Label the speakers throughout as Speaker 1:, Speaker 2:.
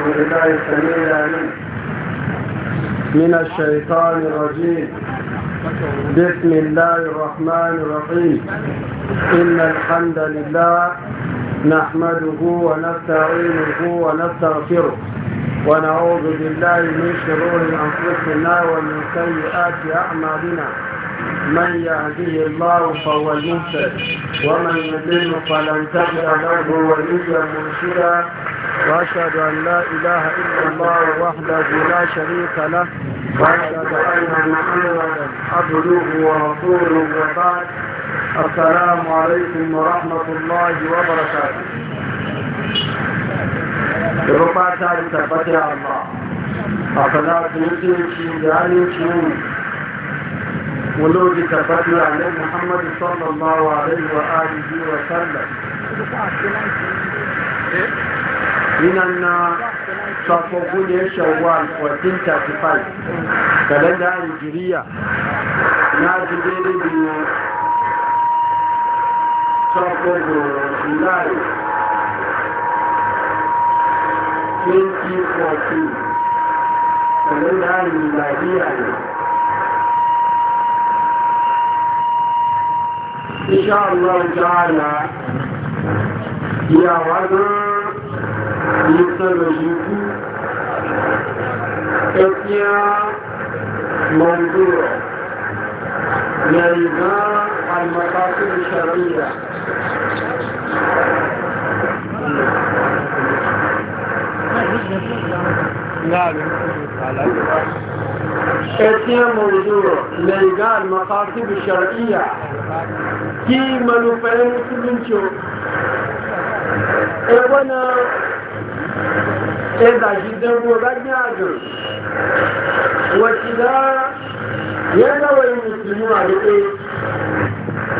Speaker 1: بالله السميع من الشيطان الرجيم بسم الله الرحمن الرحيم إن الحمد لله نحمده ونستعينه ونستغفره ونعوذ بالله من شرور أنفسنا ومن سيئات أعمالنا من يهديه الله فهو المهتد ومن يضل فلن تجد له وليا مرشدا وأشهد أن لا إله إلا الله وحده لا شريك له وأشهد أن محمدا عبده ورسوله وبعد السلام عليكم ورحمة الله وبركاته ربما تعالى تفتح الله أفلا تنسي جعلي شنو ولوجه تفتح عليه محمد صلى الله عليه وآله وسلم إيه؟ ina na safogun ya shawwal 1435 kalenda ya hijiriya na jibere biyu safogun julai
Speaker 2: 2014 kalenda ya ne
Speaker 1: Insha Allah ta'ala,
Speaker 2: iyawa mythologique Ethia منظورة يلغى المقاصد الشرعية
Speaker 1: نعم اتيا موضوع لإلغاء المقاصد الشرعية كي منفعين مسلمين شو ايوانا إذا جدا مبني عجل وكذا يدوى المسلمون على إيه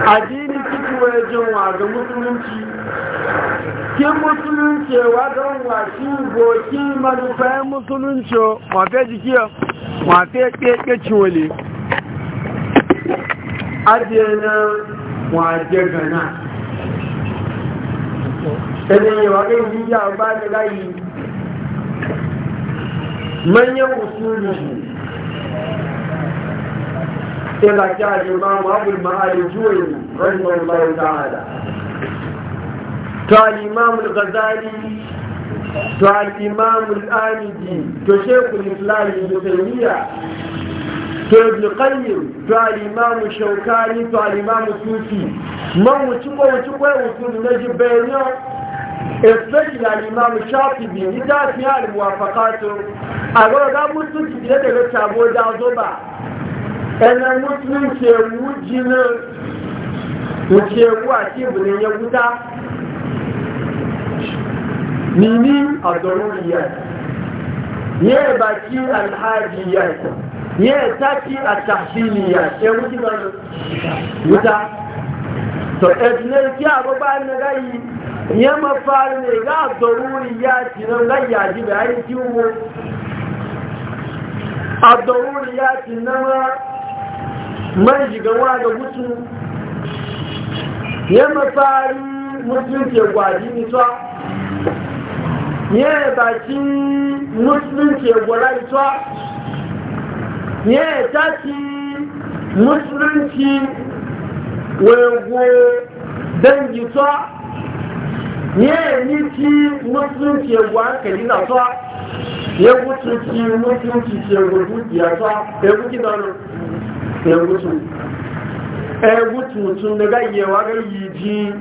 Speaker 1: addini kiki wa jin wa ga musulunci ki musulunci wa ga wa goki manufa musulunci wa fe jiki wa keke ciwole adiyana wa gana sannan yawa ɗin jiya ba da layi manyan usuli sai da kya limamu abul ma'ari juwayi rahimahu lahu ta'ala to al-imamu al-ghazali to al-imamu al-amidi to shekul islam ibn taymiya to ibn qayyim to al-imamu shaukani to al-imamu sufi man wuci ko wuci ko wuci na jibayna especially al-imam shafi biyu ni ita fi al-muwafaqatu a ga ga mutunci da daga tabo da zo ba ɗan mutunci wujina wuce ruwa ce bunin ya guda nini a daruriyar ya baki alhajiyar ya taki a tashiliyar ya wuce wuta to ɗan ne ki abu ba na gayi ya mafari ne ga daruri ya ci nan nan ya ji bayan kiwo a daruri ya ci nan man shigawa da gutu ya mafari musulunci gwaji nisa ya baki musulunci gwara nisa ya taki musulunci wego dangi nisa ní tí musulunci egwu hankali na tọ́ egwu tuntun musulunci ti egwu dukiya tọ́ egwu kí dánú egwu tun egwu tuntun daga yewa ga yi ji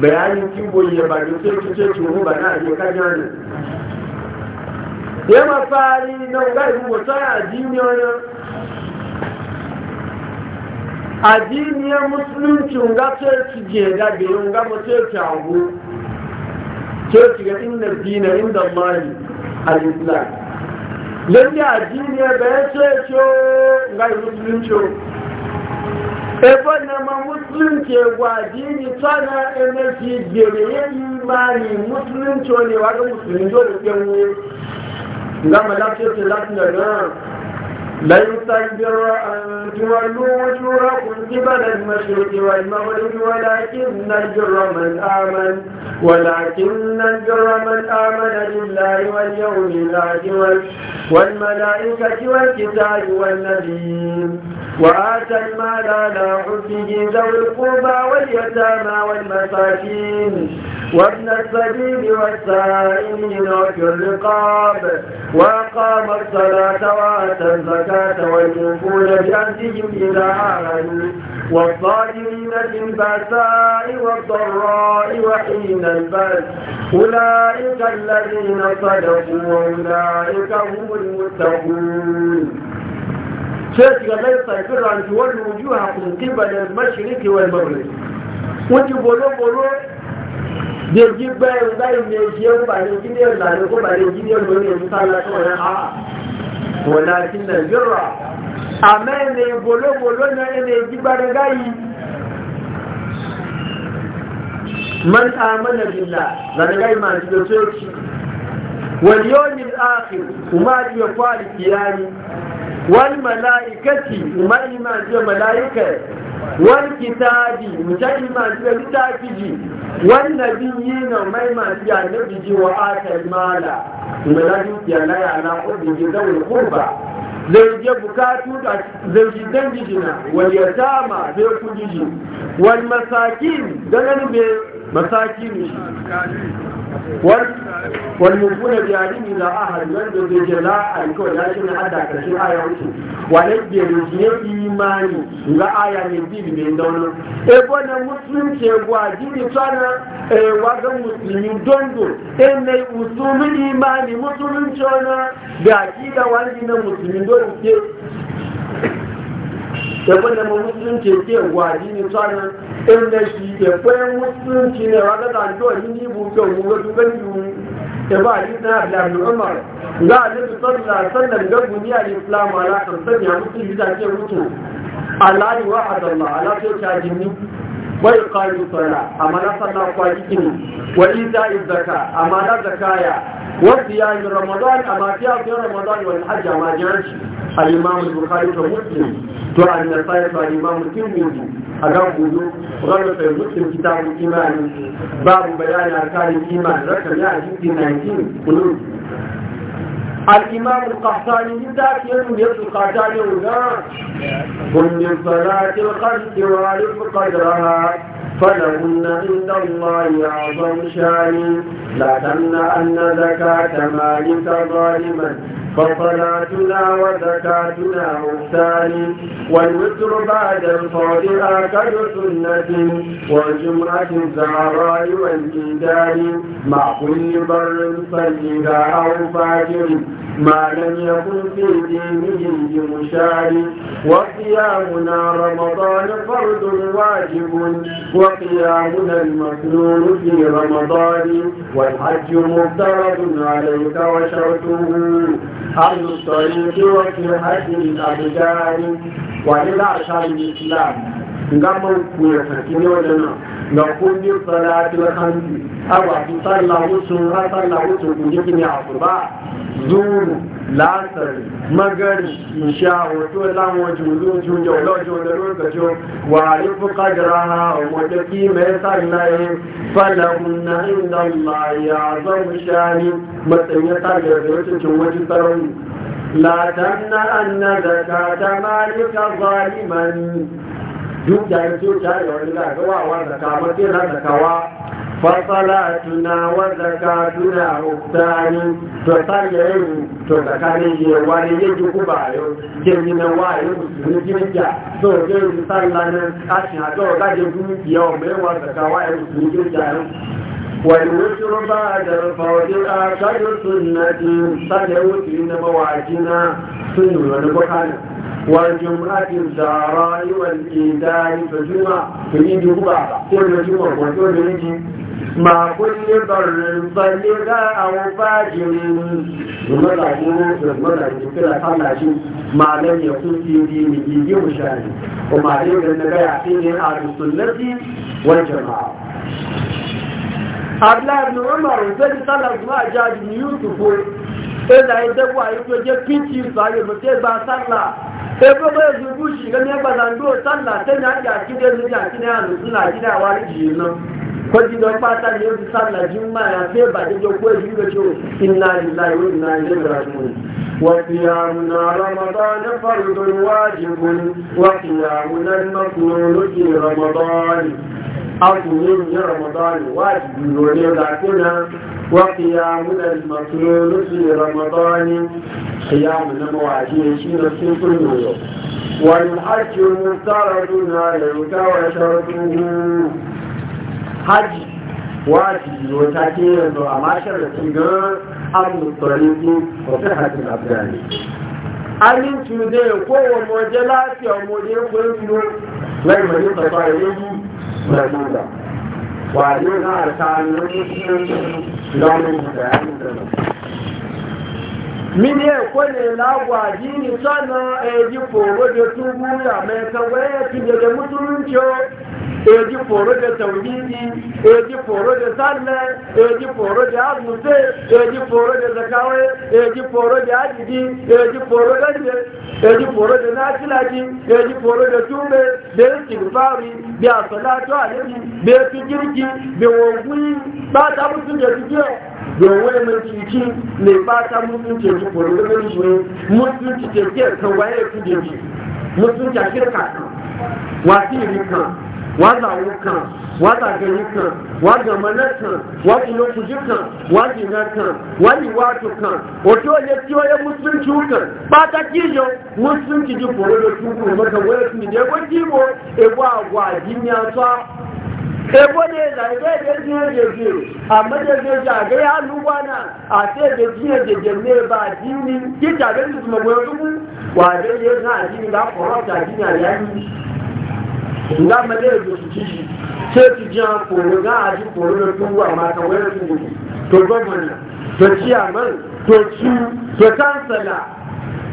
Speaker 1: bayanin kibo yi ba da sai kice turu ba na ajiye kanya ne ya mafari na e ga ibu wata addini wani addiniyar musulunci ga sai ki je da bayan ga mutum ta ke shiga inna dina inda mali al-islam lalle addini ba ya ce ce ga musulunci ebe na ma musulunci gwa addini tsana energy bere ya imani musulunci ne wa ga musulunci da ke mu ga malaka ce latin da لا يستكبر أن تولوا وجوهكم قبل المشرق والمغرب ولكن البر من آمن ولكن البر من آمن بالله واليوم الآخر والملائكة والكتاب والنبيين وآتى المال على حبه ذوي القربى واليتامى والمساكين وابن السبيل والسائلين وفي الرقاب وأقام الصلاة وآتى الزكاة والوفود بأهلهم إلى عهد والظالمين في البأساء والضراء وحين البأس أولئك الذين صدقوا وأولئك هم المتقون sai ga zai sarfi ranci wani wuju a hakuntun ba da mashiriki wani mamulik Wani bolo-bolo da ji bayan zai ne shi yau ba ne giniyar da ne ko ba ne giniyar da ne su sana ta wani a'a walakin na jirra amma ne bolo-bolo na ne ji ba da gayi man amana billah zan gayi ma ji da soci wal yawmil akhir kuma ya kwali kiyani wal mala'ikati ma iman ji mala'ika wal kitabi mutan iman ji littafi ji wal nabiyina ma iman ji annabi ji wa atal mala mala'ikati Allah ya na kudi ji dawul qurba zai je bukatu da zai ji dan jijina wal yatama zai kudi ji wal masakin dan ne mataki ne shi wani kuna jari ne za a halar da zai jira a rikon ya shi na hada karshen aya wuce wani biyu ne imani ga aya ne biyu da wani ebo na musulunci gwa jini tsana ewa ga musulmi dongo e mai musulmi imani musulunci da wani na musulmi ẹgbẹ́ ni mo musulunci ti ẹ̀wọ̀ àdí ni sọ́nà ẹ̀mẹ́ sí ẹ̀fẹ́ musulunci ni rádọ́dà jọ yi ní ibù tó wù wọ́n tó bẹ́ẹ̀ ju ẹ̀fọ́ àdí náà bí àmì ọmọ rẹ̀ nga àdí tó sọ́nà náà sọ́nà gbẹ́gun ní àdí islam alákan sọ́nà àmúkú yìí dá sí ẹ̀wùtò aláyíwá àdàlà wai qalu sala amana salla zaka wa iza izaka amana zakaya ya siyam ramadan amma fiya fi ramadan wal hajj a jarji al imam al bukhari to an nasai to al imam tirmidhi agan gudu rawu sai muslim kitabul iman babu bayani arkan iman rakam ya hadisi 19 kullu الإمام القحطاني ذاك يوم يبدو القحطاني وقال قل آه، من صلاة الخمس وعرف قدرها فلهن عند الله أعظم شان لا تمنع أن زكاة مالك ظالما فصلاتنا وزكاتنا مختان والوتر بعد الفرض آكل سنة والجمعة الزهراء والجدال مع كل بر صلها أو فاجر ما لم يكن في دينهم بمشار وقيامنا رمضان فرض واجب وقيامنا المسنون في رمضان والحج مفترض عليك وشرطه أهل الطريق وفي حج الأبدان وإلى عشر الإسلام ngaman kura sakini wadana na kundin salati wa kanti awa ki sallah wucin ha sallah wucin kun ji kini a kurba zuru lasar magari insha wato lan waje zuwa jun jau lau jau da lokaci wa alifu qadra wa ki mai sallaye falahun na inda Allah ya zama shani matsayin ya sa da rikicin wajen tsaron لا تمنعن زكاة مالك ظالما duk da ya ce ta yi wani zagawa wa zaka mace na zakawa fasalatuna wa zakatuna huktani to sarjaru to tsakanin yi wani yin juku ba yau kin yi na wa yau musulmi kirkiya so ke yi sallanin ashin a to gaje dukiya wa mai wa zakawa yau musulmi kirkiya yau والنشر بعد الفوز الآخر سنة صدعوا في نبواتنا سنة نبوحنا والجمعة الزهراء والإيداء فجمع في جمعة كل جمعة وكل نجي مع كل بر صدق أو فاجر ما لم يكن في دينه يمشان وما لم يكن في دينه أهل السنة والجماعة abdullahi ibn umar zai sallar zuwa jaji ni yusufu sai da ya dagwa ya to je pinci su a yau sai ba sallah sai ba bai zubu shi na kwaji da fata ne yau sallah juma'a sai ba da ko yi da to inna lillahi wa inna ilaihi raji'un wa qiyamuna ramadan fardun wajibun wa qiyamuna al-maqrun fi ramadan azumin ya ramadan wajibi ne da kuna wa qiyamuna al-maqrun fi ramadan qiyamuna mawajibi shi ne sun kullu yau والحج مفترض عليك وشرطه hajji wajibi ta ke yanzu a mashar da sun gara abu turaninsu wata afghani amincin zai kowane waje lafiya waje kwayo fiye mai mai tafa ya yi na nuna wajen za a tsarin wani shi ne shi da wani da ya yi mini ẹ̀kọ́ lè láwọ̀ àjíní sọ́nà èjì fòrójẹ tó wúrà mẹ́ta wẹ́ẹ̀ tí jẹjẹ mùsùlùmí ó èjì fòrójẹ tàwídì èjì fòrójẹ sálẹ̀ èjì fòrójẹ àgùnfẹ́ èjì fòrójẹ zakawẹ́ èjì fòrójẹ àjìdí èjì fòrójẹ jẹ èjì fòrójẹ nákìlájì èjì fòrójẹ túnbẹ bẹ́ẹ̀ tìlúfàwì bẹ́ẹ̀ tó jírìkì domin mun cici mai fata mutunci su ko da mun shi mutunci ke ke kan waye ku je ji mutunci a kirka wa ti kan wa za wu kan wa za gani kan wa ga manatan wa ilo ku ji kan wa ji na kan wa ni wa to kan o to ye ti o ye mutunci kan ba ta ki yo mutunci ji ko da ku ko maka waye ku je ko ji mo e wa wa ji nya ta ebo ne zarge da jiye da jiye amma da jiye ga ya luwa na a ce da jiye da ba dini ki ta ga su mu goyo mu wa da jiye na dini da ko ta dini a yayi nga ma da jiye su ci ce ti jan ko ga a ji ko ne ku wa ma ka wayar su to gwamnati to ciyaman to ci to kansala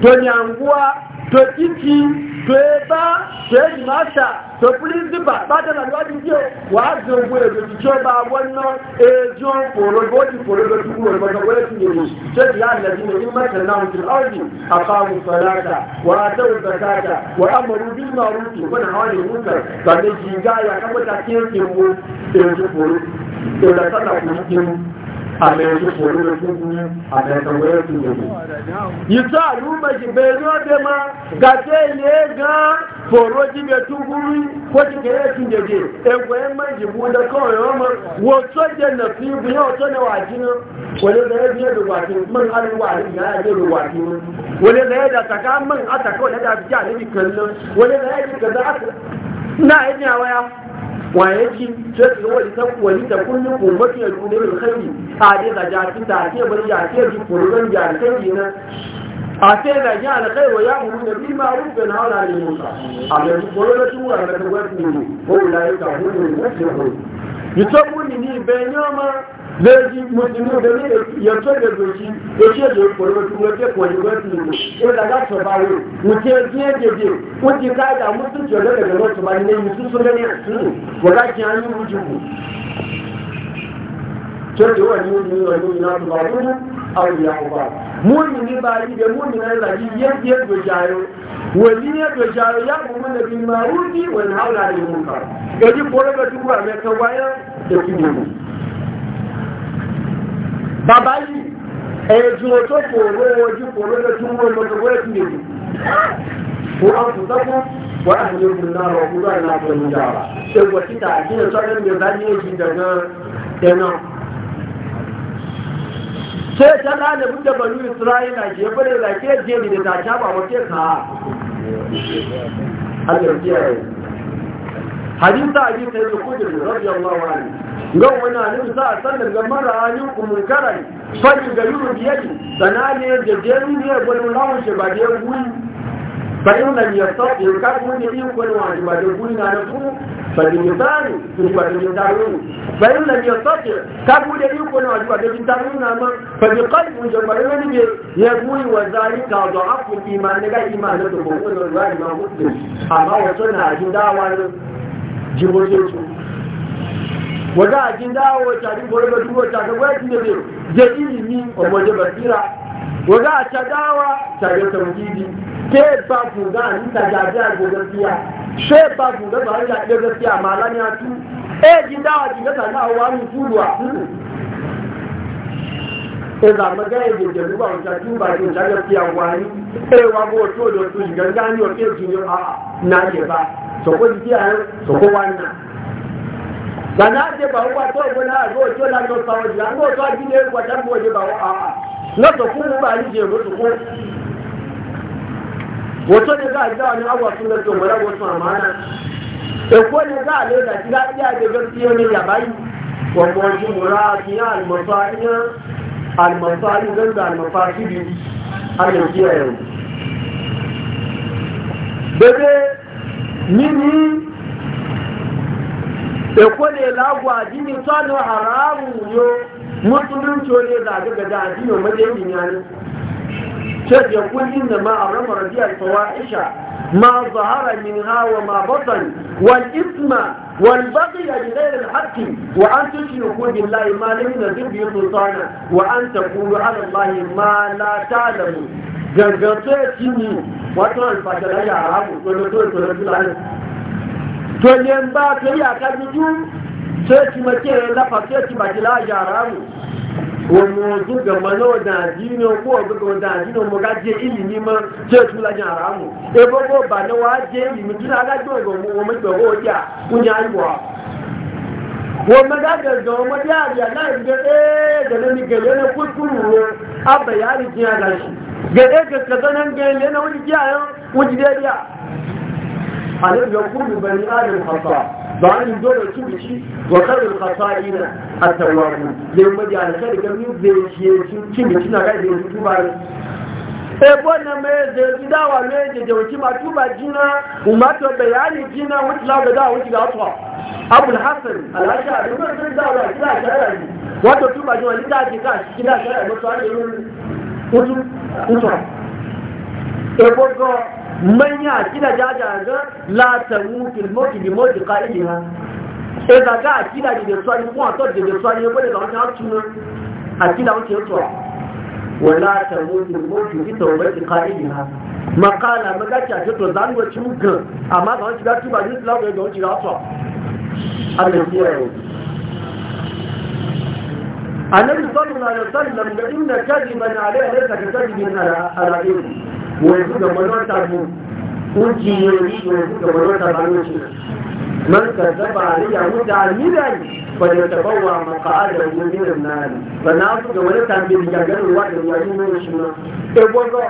Speaker 1: to nyanguwa tó títí tó ẹbá tó ìmáṣà tó píríncípà pátẹ́lá níwájú tí ó wà á jẹ ogun èdè tí ó bá wọ́n ná ẹjọ́ pòrògbó ti pòrògbó tí wọ́n gbọ́dọ̀ wọ́n ti yèrò tó ti láàrín ẹ̀dín ní mẹ́tẹ̀lá náà ti láwùjì àfáàmù sọ̀láta wọ́n á tẹ́wọ̀ sọ̀láta wọ́n á mọ̀rú bí náà rú ti wọ́n àwọn ìlú náà gbàdéjì gáyà kápẹ́ta kí ó ti mú èdè pòrògbó yìtọ́ àlúmọ̀jì bẹ̀rẹ̀ ọdẹ ma gàtẹ́ ilé gan fòrò jíbe tún gúrú kó ti kéré tún jẹjẹ ẹgbẹ́ mẹ́jì ọ̀rọ̀ ọmọ wò tó jẹ nà fi ibi náà wà jí náà wayanci ce ki wani ta wani ta kullu ko kumbatu ya dole bil khairi ta dai da jati ta ke bar ya ke ji furgan ya kai na a ce da ya al khair wa ya mu ne da bil ma'ruf bin hawla ni musa a da goro da tuwa da ta wani ni ko la ya ta mu ne ko ta mu ni ni benyoma lẹ́yìn mọ̀jìmọ̀ lórí yẹ̀tọ́ ìdẹ̀gbẹ̀jì èyí ya pọ̀lọ́tù lọ́jẹ́ pọ̀lọ́tù lọ́jẹ́ ìdàgbà tọ̀bá rẹ̀ mùtẹ́ ẹ̀dí ẹ̀dẹ̀dẹ̀ ó ti káàdà mú tó jọ lọ́dẹ̀dẹ̀ lọ́tù bá ní ẹ̀yìn tó sọ́lẹ́ ní ẹ̀sìn jẹ́ ayé ojú wù. Tọ́jú wà ní ojú ìrọ̀lẹ́ ìlànà tó bá rú kò mọ́ni bí màá rú ní wẹ̀lí tó wà bàbá yìí ẹ̀ẹ́dùn ọjọ́ fòró ojú fòró lójú wọn lọ́dọ̀wọ́ wọ́n á wọ́n á fún ogun náà rọ̀ kúrò àìní ní èjì àti ẹgbẹ́rẹ́ don wani hannun sa a sanar ga mara hannun kumin karai fadi ga yuru biyari sananiyar da jeru ne gwanin rawun shi ba da guri bayan nan ya sauke ya kasu wani yin gwanin wani ba da guri na nasu fadi misali su ba da misali bayan nan ya sauke kasu da yin gwanin wani ba da misali na ma fadi kalbun jambarin wani ne ya guri wa zari ka zo afin imanin ga imanin da kowane rari ma mutum amma wasu na jin dawa ne jibotetu waga ki dawo ta din gore ba duwa ta ga wai ne je ilimi o mo je basira waga ta dawa ta ga ke ba ku ga ni ta a ga gaskiya she ba ku ba a ga gaskiya tu e jin dawa jin ga na wa ni tuwa e za mu ga yin e je duwa ta e ba gaskiya e wa go to do tu ga ke a na je ba so ko ji ya so ko wannan Gana je ba wa to go na go to la go sa wa go to ji ne go ta go je ba wa a na to ku ba ni je go to ku go to ne ga ga ni agwa sun da to mara go to amana e ko ne ga le da ga ya de go ti ne ya bai wa ko ji murati al masaiya al masaiya dan da al mafasidi har yanzu ya yau bebe nini ekole lagu adini tsano haramu yo musulunci ne da ga da adini madadin yana sai ya kun inda ma arama rabiyar fawaisha ma zahara minha wa ma batan wal isma wal baghy bi ghayr al haqq wa an tushriku billahi ma lam yunzil bihi sultana wa an taqulu ala allahi ma la ta'lamu gangan sai cinni wato alfadala ya haramu to to to domin ba ta yi a kan biyu sai ci mace ya lafa sai ci baki la yara mu wani zu ga mana da ajino ko wani ga wanda ajino mu ga je ilimi ma sai ci la yara mu e bogo ba na wa je ilimi tuna ga jo go mu mu do go ya kunya aiwa wo ma ga ga zo ma ya ya na ga e da ni ga yana kuskuru abba ya ri jiya da shi ga e ga kazanan ga yana wani jiya wani jiya annabi ya kullu bani adam khata ba an dole tuci wa khairul khata'ina at-tawwab yau maji ala sai da mu zai shi shi cin da kina ga da su ba ebo e, na me je gidawa me je je wuci ma tuba jina Be ya ni jina wuci la da wuci da atwa abul hasan al-ashari mun san da wa kida shara wato tuba jina lita ji ka da kida shara mutu an yi mutu mutu ebo go manya kida jaja ga la tamutul mauti bi mauti ha e da ga kida di swali ko to di swali ko de ga wani atu a kida wuce to wala tamutul mauti bi tawbati makala ta ce to zan go chuga amma ga wani ga tuba ni lawo ga wani ga to Allah ya yi annabi sallallahu alaihi wasallam da ويكون كمان تعبوا وجي يريد ويكون كمان تعبوا من كذب علي متعمدا فليتبوع مقعده من النار فنعرف كمان تعبوا بجاجل الواحد ويعين من الشمال ابوغا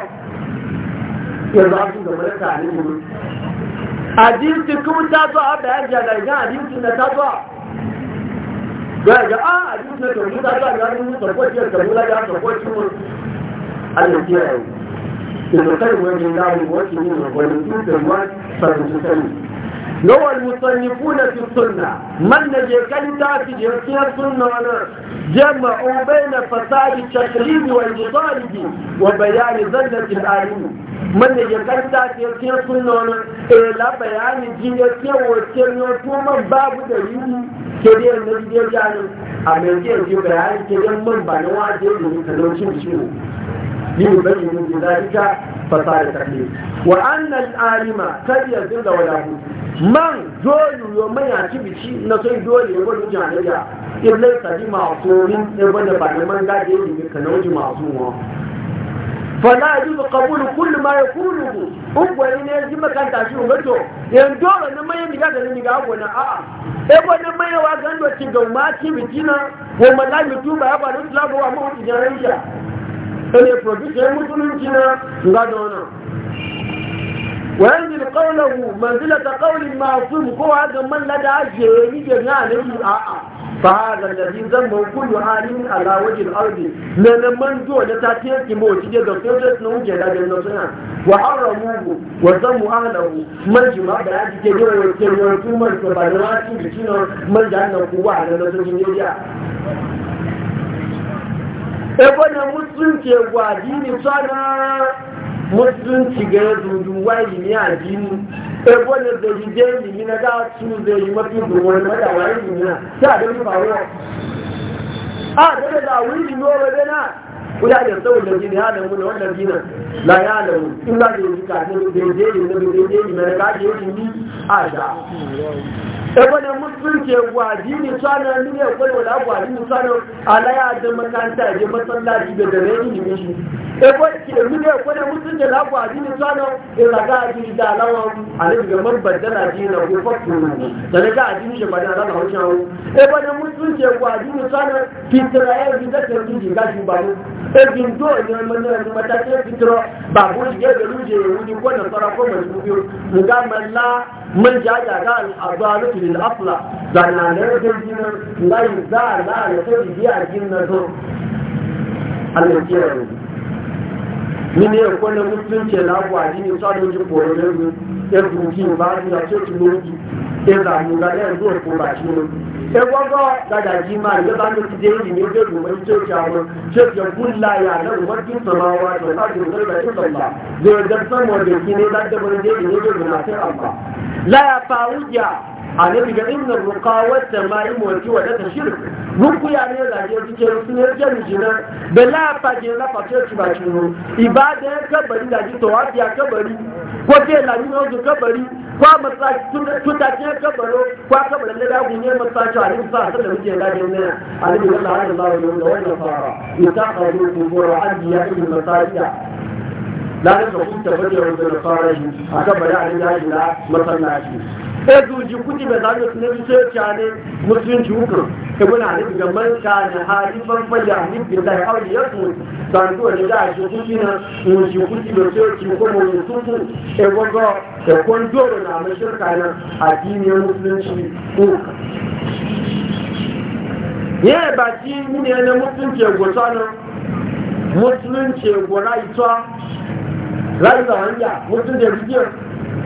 Speaker 1: يضعف كمان تعبوا حديث كم تضع بهجة لجاء حديث نتضع جاء حديث نتضع جاء حديث نتضع جاء حديث نتضع جاء حديث نتضع جاء حديث نتضع da dokar wajen gane wasu yin wani duk da ma sarrafa sani لو المصنفون في السنة من نجي كلتا في جنسية السنة جمعوا بين فساد التقليد والمطالب وبيان ذلة الآلين من نجي كلتا في جنسية السنة إلا بيان السنة والسنة ثم باب دليل كدير نجي دير النبي يعني جير جي بيان كدير من بنوا جنسية تلوشي بشيء ليبين ذلك فصار التقليد وأن العالم قد يزل ولا بد man joyu yo mai a ci bici na sai dole ya gwada jami'a iblai sadi masu rin ya gwada ba da man gaje yi ka kana wuce masu wa fala yi ba kabulu kullu ma ya kullu ku ungwani ne ya ji makanta shi ugato yan dole na mai miga da ni ga gona a a e gwada mai wa gando ci ga ma ci bici na ko maga mutu ba ya ba da labu wa mu jami'a ne producer mutunci na ngado na وينزل قوله منزلة قول معصوم هو هذا من لدى عجل جميع نبي آآ فهذا الذي ذنبه كل عالم على وجه الأرض من من دون تاتيه كموت جدا فيوجد نوجه لدى النصنع وحرموه وذنبوا أهله من جمع بعد كبير والكبير ثم الكبيرات بسنة من جعلنا قوة على النصنع ebe na musulunci gwa dini tsara musulunci ga ya dudu wani ne a jini ɗai wani da yi je limi na gawa su zai yi mafi durwani mada wani limi na sai a gani ba wani a daga da wani limi wa bai na kuda da sau da jini ya damu da wannan jina la ya damu in ba da yi ka ne da je limi na bai je limi na gawa je limi a da ebole musulunci gwaji ne tsana nuna yakwai wala gwaji ne tsana alaya da makaranta da masallaci da e, da rai ne shi ebole nuna yakwai da musulunci la gwaji ne tsana da zaga a jini da alawa a ga mabbadana jini na ko fakko da na ga a jini shi bada zama hausa hau ebole musulunci gwaji jini tsana fitira ya yi zaka yi ji gashi ba mu ebin do ne mana matakin fitira ba ko shi ga ruje ya ko na fara ko mai mu ga malla mun jaja ga al'azalu il asla zanna ne da jina lai za la ya to biya jinna zo Allah ya yi ni ne ko na mutunce la wa ni so da ji ko ne ku e ku ki ba ni da so mu ki da mu da ne zo ko ba ne e wa da da ji ma da ba ni ci de ni ne da mu ni to mu ce ya kulla ya na wa ki samawa da ba ki da ta Allah da da san mu da ki ne da da mu ne ne da mu na ta Allah la ya fa wuya annabi ga inna ruqa wa tama'im wa wa da shirk ruku ya ne da ya cike sun ya jani jina da la fa je la fa ce ci ba ci no ibada ka bari da ji tawafi ya ka bari ko ce la ni no ka bari ko matsa tun da ke ka baro ko a bari da dagu ne matsa ci a rin sa da muke da ne ne annabi sallallahu alaihi wa sallam da wannan fara yataqabu kubur adiya ibn masajiya la ta kunta fajr da fara shi aka bari a rin da masallaci sai ezuji kuti bai zaɓi su na zuciya ne musulunci hukun ta guna da ga manta da hali farfar da bi da ya kawai ya su ne da za a na mu ji musulunci kuti bai zuciya ko mai tuku e gwaggo da e kwando da na mashirka na addinin musulunci hukun ya yi ba ci ne na musulunci gwata na musulunci gwara ita rai da hanya musulunci rigiyar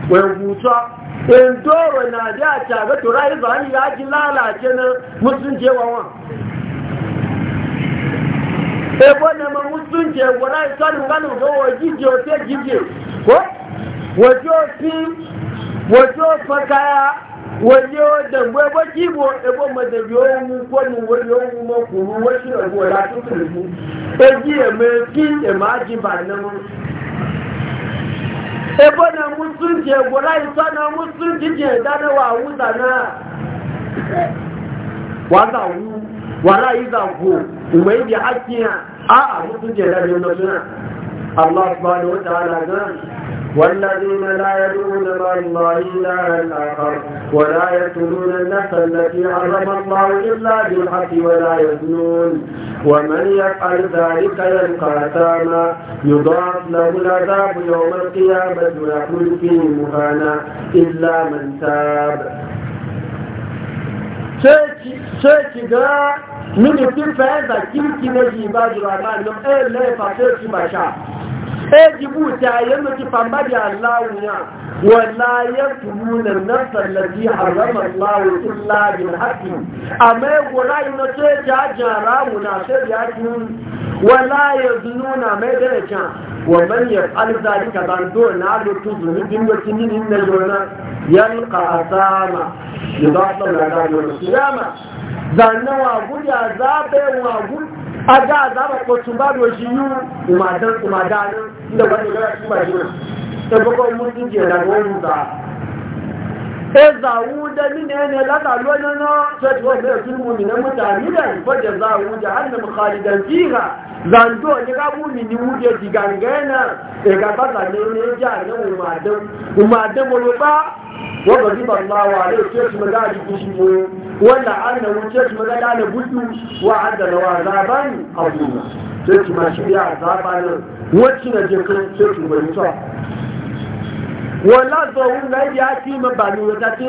Speaker 1: wai gutuwa in doro na da ta ga turai ba ni ya ji lalace na mutunce wawan ebo ne ma mutunce wala sanu ngano go wajije o te jije ko wajo ti wajo fakaya wajo da gwe ba kibo ebo ma da yo mu ko mu wori yo mu ko mu wori yo ko la tutu mu e ji e me ki e ma ji ba na mu ebe na musulunci gwara isa na ji ke danawa wuta na wata wara iza ko a a musulunci ya danawa na Allah subhanahu wa ta'ala والذين لا يدعون مع الله إلا الآخر ولا يقتلون النفس التي حرم الله إلا بالحق ولا يزنون ومن يفعل ذلك يلقى أثاما يضاعف له العذاب يوم القيامة ويخلد فيه مهانا إلا من تاب sai ki ga mini fi fa'ida kirki na ji ba jira ba nan ɗaya laifa sai ki ba sha يجبو تعيما تفهم بدي الله ونعم ولا يتمون النفس الذي حرم الله إلا بالحق أما يقول لا ينتج عجارة مناسب يكون ولا يظنون ما ذلك ومن يفعل ذلك بندور نار تظن من وسنين إن الجنة يلقى أسامة يضاطل على الجنة سيامة ذنوا أقول يا ذابة وأقول a da za mu kwatun ba da shi yi umadan umadan inda ba da gara shi ba shi nan sai mun dinje da gwamnati ba e zawu da ni ne ne la da lo na no sai to ne su mu ne mutane da fa da zawu jahannam khalidan fiha zando ne ga mu ni mu je digangana e ga ba da ne ne ja ne umadan umadan mo ba وغضب الله عليه كيف مدار بشمه ولعنه كيف مدار بده وعدل وعذابا عظيما كيف ما شبع عذابا وكنا جكن كيف مدار ولا ظهور لا يأتي مباني وتأتي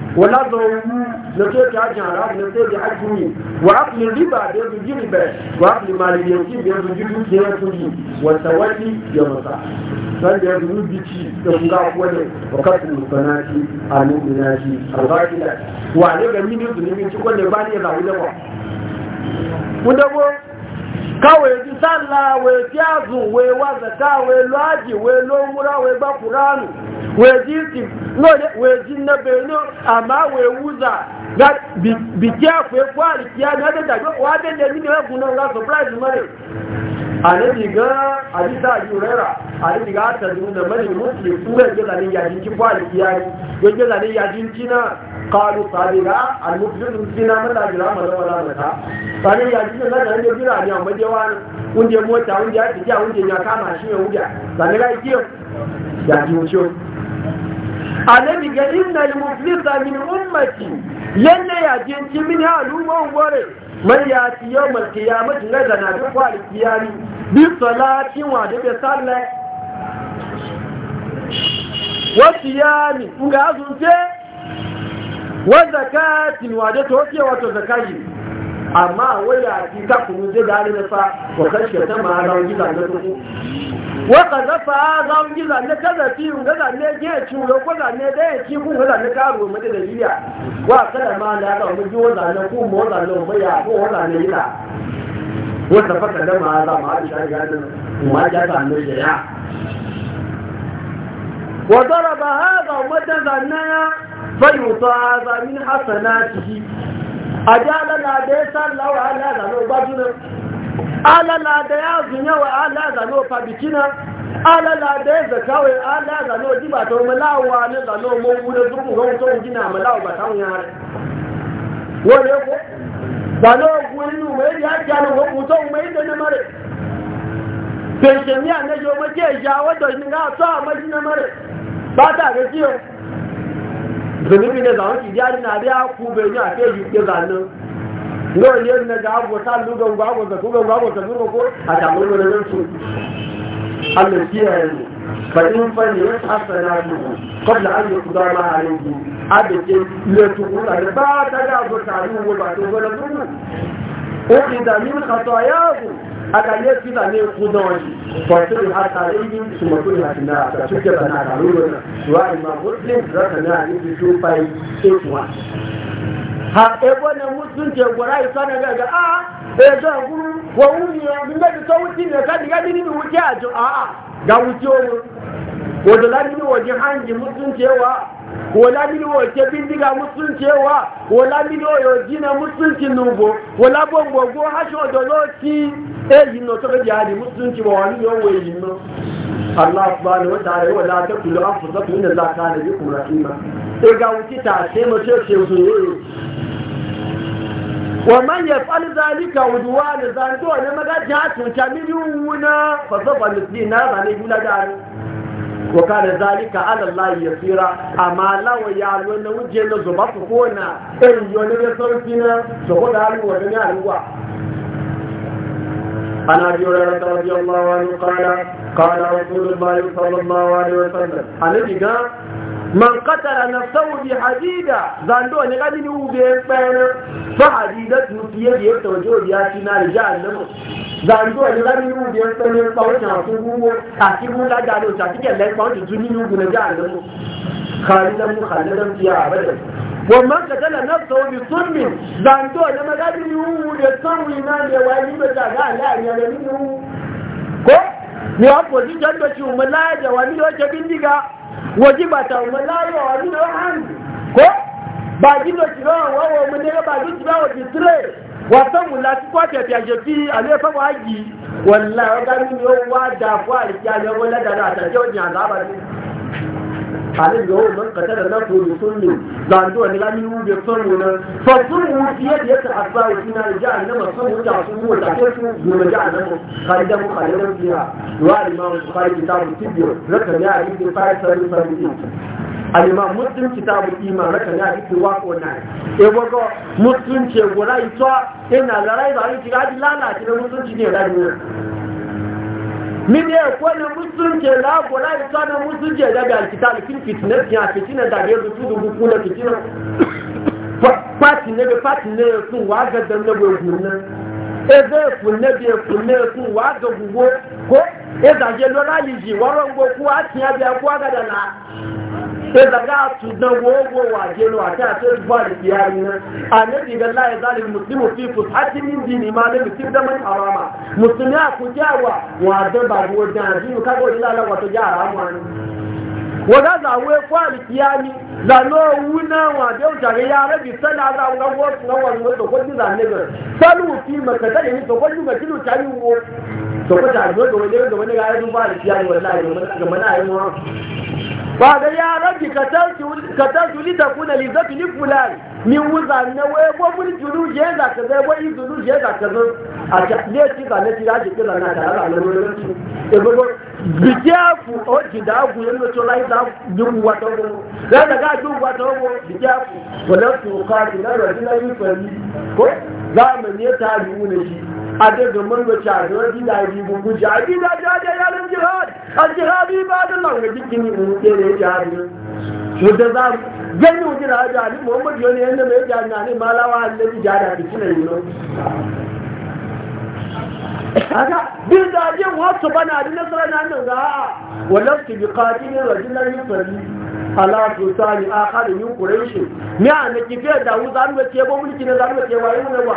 Speaker 1: ولا ضروري نتيجة عجل عرب نتيجة عجمي وعقل الربا بيض الربا وعقل مال اليمكين بيض الربا سيرتني والتولي يمسع فبيض الربتي تفنقع فولي وقتل البنات المؤمنات الغاكلات وعليك من يظلم من تكون لباني يضعي لبا ودبو káwèé ju sálà wèé tí a zùn wèé wá zẹ̀ká wèé lọ ájì wèé ló ń múra wèé gbá kúránù wèé jí ti wèé jí nẹ́bẹ̀ ní àmà wèé wúzà bìtí àpò ẹ̀kọ́ àrìkíá ní adẹ́dàgbẹ́ wàá dẹ́dẹ́ nínú ẹ̀kún náà ń surprise mọ́rẹ̀. Ana ga hadisa jurera anabi ga ta da mani muslim kuma ga zanin yajin kin ba da kiyayi ga zanin yajin kina qalu kina man da jira man wala man ta sanin yajin da nan da jira ne amma je wani mota unde ya tija unde ya kama shi ya unde sanin ga kiyo ya ji wuce annabi ga inna al-muflisa min ummati lalle ya je cikin al'umman gore man ya ci yau mal kiyamati na zana da kwali kiyami bi salatin wa da bi sallah wa kiyami ga azunce wa zakatin wa da toke wato zakati amma wanda ki ta kunu zai gari na fa wa kashe ta ma ga wani zan na tuku wa ka ga fa ga wani zan na kaza fi ga zan ne ge ci ga ko zan ne da ya ci kun ga zan na karo mu da daliya wa kada ma na ga wani ji wanda na ku mu wanda na mu ya ko wanda ne ina wata faka da ma za ma ta ga da ma ja ta ne ya wa daraba hada umatan zanna fa yuta za min hasanatihi àjálàlàdé sálàwà aláàzàlò gbájúná alálàdé azùnyẹwà aláàzàlò fàbìkínà alálàdé zakawai aláàzàlò jíbàtà ọmọláwà aláàzàlò mọ́wúlé dúkù rọ́n tó ń gínà àmàláwà bàtàwọn yára rẹ̀ wọ́n yẹ́ kó gbàlọ́ ogun inú mẹ́rin ajálù ogun tó mẹ́rin tẹ́lẹ̀ mẹ́rin pèsè ní àlejò ọmọ jẹ́ ìyá zunubi ne zawon ki jari na biya ku bai yi a ke yi ke zanen yau ne ga agwa ta lugan ga agwa zaku gan agwa zaku gan ko a tamu ne su Allah kiyaye mu fa in fa ne ya hasana ku qabla an yuqda ma alayhi abike le tu kula da ba ta ga agwa ta lugan ba to ga nan ku ukhida min ku. akàyé sílà ní ikú náà ni pọ̀tíri àtàrí yìí ṣùgbọ́n tó yà sí náà àtàtú jẹba na àtàrí lónà ṣùgbọ́n ndị muslim rẹ̀kà náà níbi tó báyìí ètò wa. ha ebo na mutum nke gwara na gaga a ẹjọ́ ìgbúrú wọ́n wúni ẹ̀ nígbà tó wúti nìkan nìkan nínú wúti àjọ àá ga ah, wúti ah, ah, ohun wanda lamini waje hanji mutuncewa Wa lamini waje bindiga mutuncewa ko lamini oyo jina mutunci nubo ko labo gbogbo hasho dolo ti eyi no to bi hadi mutunci wa wani yo we yin no Allah subhanahu wa ta'ala wa la taqulu anfusakum inna Allah kana bikum rahima e ga wuti ta sai mu ce ce su ne wa man yaf'al zalika udwan zan to ne maga ta tunta mini wuna fa safa misli na zani gula da ni wa kana zalika ala Allah tsira, amma la wa ya lo na wuje na zo ba ku ko eh, na en yo da sarki na so ko da ruwa ne ruwa ana jira da radiyallahu anhu qala qala rasulullah sallallahu alaihi wasallam man qatala na bi hadida zando ne ga ni ube fana fa hadida tu fiye da yadda wajo ya ci na jahannam zando ne ga ni ube fana fa wata ku gugu a ci mu da da do ta kike lai fa wata tuni ni gugu na jahannam khalidan mu khalidan fiya abadan wa man qatala na bi sunni zando ne ma ga ni ube sanwi na ne wai ni ba ga ga ya ne ni ko ni wa opposition do ci umalaja wani do ce bindiga waji ba ta umalaja wani do han ko ba ji do ci ba wa wa mun ne ba ji ba wa ji tre wa san mu lati ko ta ta je fi ale fa wa ji wallahi ga ni yo wa da fa ri ja yo wala da da ta jo ni azaba ni halin da wani mankata da nato da sunni da an zuwa nila ni wuje son wuna fa sun wuce yadda ya ta'azza wa suna da jihar nama sun wuce a sun wuce a ke sun goma jihar nama kan da muka da nan fiya wa limamu su fara kitabu tibbiyo raka ne a yi ke fara sarari sarri ɗin alima muslim kitabu iman raka ne a yi ke wako wannan e wago muslim ce gura ito ina larai da a yi kira di lalace na musulunci ne da ne mini ẹ̀kọ́ ni musulun ke láàbò láì sọ́nà musulun ke ẹ̀dẹ́bẹ̀ àìkítà lùfín fìtìnà fi hàn fìtìnà dàbí ẹ̀rù tó dùn kú lọ fìtìnà pàtì nẹ́bẹ̀ pàtì nẹ́bẹ̀ fún wàá gẹ̀dẹ̀ nẹ́bẹ̀ ògùn náà ebe efunne bi efunne efu wa adogugbo ko ịzaje lọla liji wọrọ atịa bịa kwuo agada na ịzaga atụdan wo ogwo wa jelo ati ati ezugbo alifiyari na anabi ga la izali muslimu fi fusati min dini muslim akụ man awa musulmi a kujawa wa dan ba ruwa dan jinu wọ́dá zàwé fáàlì kí á ní lànà owó náà wọn àbẹ́ òjàre ya rẹ́bì sẹ́nà ara wọn wọ́n tún náà wọn lọ́wọ́ tọ́kọ́jú là nígbà sẹ́nu fi mẹ̀kẹ́tẹ́ lè ní tọ́kọ́jú mẹ̀kí ló jáde wo tọ́kọ́jú àgbẹ̀ òjòwò ní òjòwò ní ayé tún fáàlì kí á ní wọ́n náà yẹ̀mọ́ náà yẹ̀mọ́ náà. Bàbá ya rẹ́bì kàtàkì lítàkùn náà lìzọ́ kìlí fúlàní ni wúzà ní wọ́n ẹgbọ́ fún ìdùnnú yẹ́ ìdàkẹ́sẹ́ ẹgbọ́ ìdùnnú yẹ́ ìdàkẹ́sẹ́ ne ilé ìtìgbà ní ti rájì pé lànà àtàrà lànà lórí ẹgbẹ́gbẹ́ bijafu o jidagu yendo to lai da jugu wato go la da ga jugu wato go bijafu wala to ka na da dina yi fari ko za mu ne ta yi ne shi a da ga mun ga cha da dina yi gugu ja dina ja ja ya lan jihad al jihad ibadallah ga dikini mu ke ne jihad Mu da za yanni mu jira ja ni muhammad yo yanda mai ja na ne malawa annabi ja da dikini ne haka bin zajen wasu bana da nasara na nan za a walafta bi qatilin rajulan yusali ala tusani akhar min quraish me an ki fiye da wu zan ce ba mulki na zan ce waye ne ba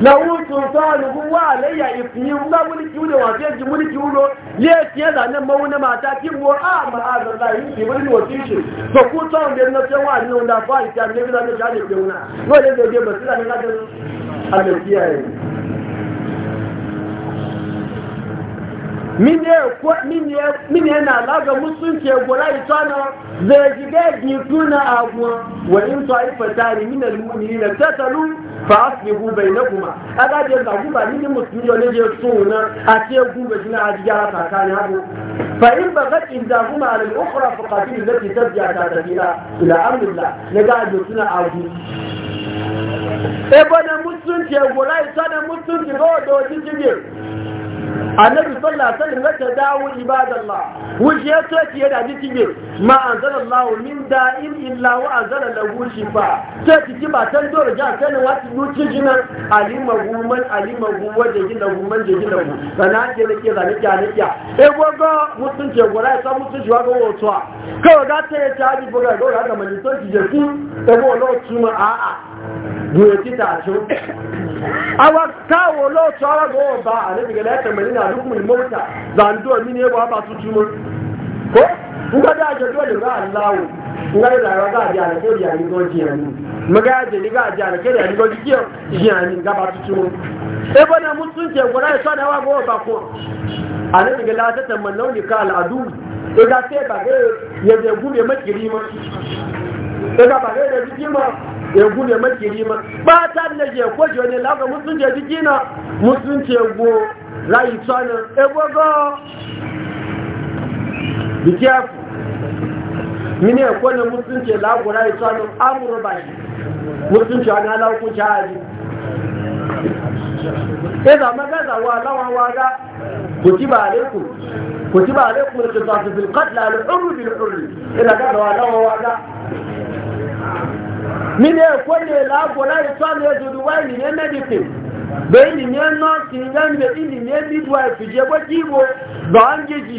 Speaker 1: na wu tusani ku wa alayya ifni na mulki ne wa fiye mulki ulo le ce da nan mauna mata kin go a ma azan da yi ki bari wa shi?" to ku ta wanda na ce wa ne da fa ita ne da ne ja ne ke una wale da je basira ne na da Allah min yana laga musulunci ya gura ita na zai shiga gitu na abuwa wa in ta yi fatari min al na tattalu fa aslihu bainakuma aga je za ku ba ni musulmi ne je so na a ce ku ba shi na a ta kan hago fa in ba ga in da kuma al-ukhra fa qatil lati tabya ta tabila ila amrillah ne ga je suna abu e bana musulunci gura ita na musulunci ga doji jige annabi sallallahu alaihi wasallam ta dawo ibadallah wuce ya so ki yada jiki tibe ma anzalallahu min da'in illa wa anzala lahu shifa ce tiki ba tan dole ja sanin wata duci jina alima guman alima guwa da gina guman da gina gu sana ke ke zane kya ne ya e gogo mutun ke gora ya mutun su shiwa ga wato kawai ga ta ya taji buga ga ga mani to ki je ku e go lo tuma a a duwe ti ta ju awa kawo lo tsara go ba ne daga lata mai yana rukun mota zando mini ya ba su tumo ko nga da je dole ga Allah nga da ra ga ja ne ko ya ni go ji ani maga je ni ga ja ne ke da ni ji ki ji ani ga ba tu e bana mutun ce gura e so da wa ba ko ana ga la ta tamannau ni ka al'adu e ga sai ba e ga ya je gube makiri ma e ba ga da ji ma ne ma makiri ma ba ta ne je ko je ne la ga mutun je ji na Musu ce go rai tsana e go go duke ku mini ya kone mutunce lagura ya tsano amuru ba shi mutunce wani alaukun shahari ya zama gaza e wa lawan waga ku ci ba aleku ku ci ba aleku da fi filkat da al'urru bin urri ina e gaza wa lawan waga mini ya kone lagura ya ya zuru wa ne medicine bẹ́ẹ̀ ni ní ẹ̀ náà kì í gbẹ́mìí ẹ̀ ní ní ẹ̀ nídùú àìsùn jẹ́ bọ́ kí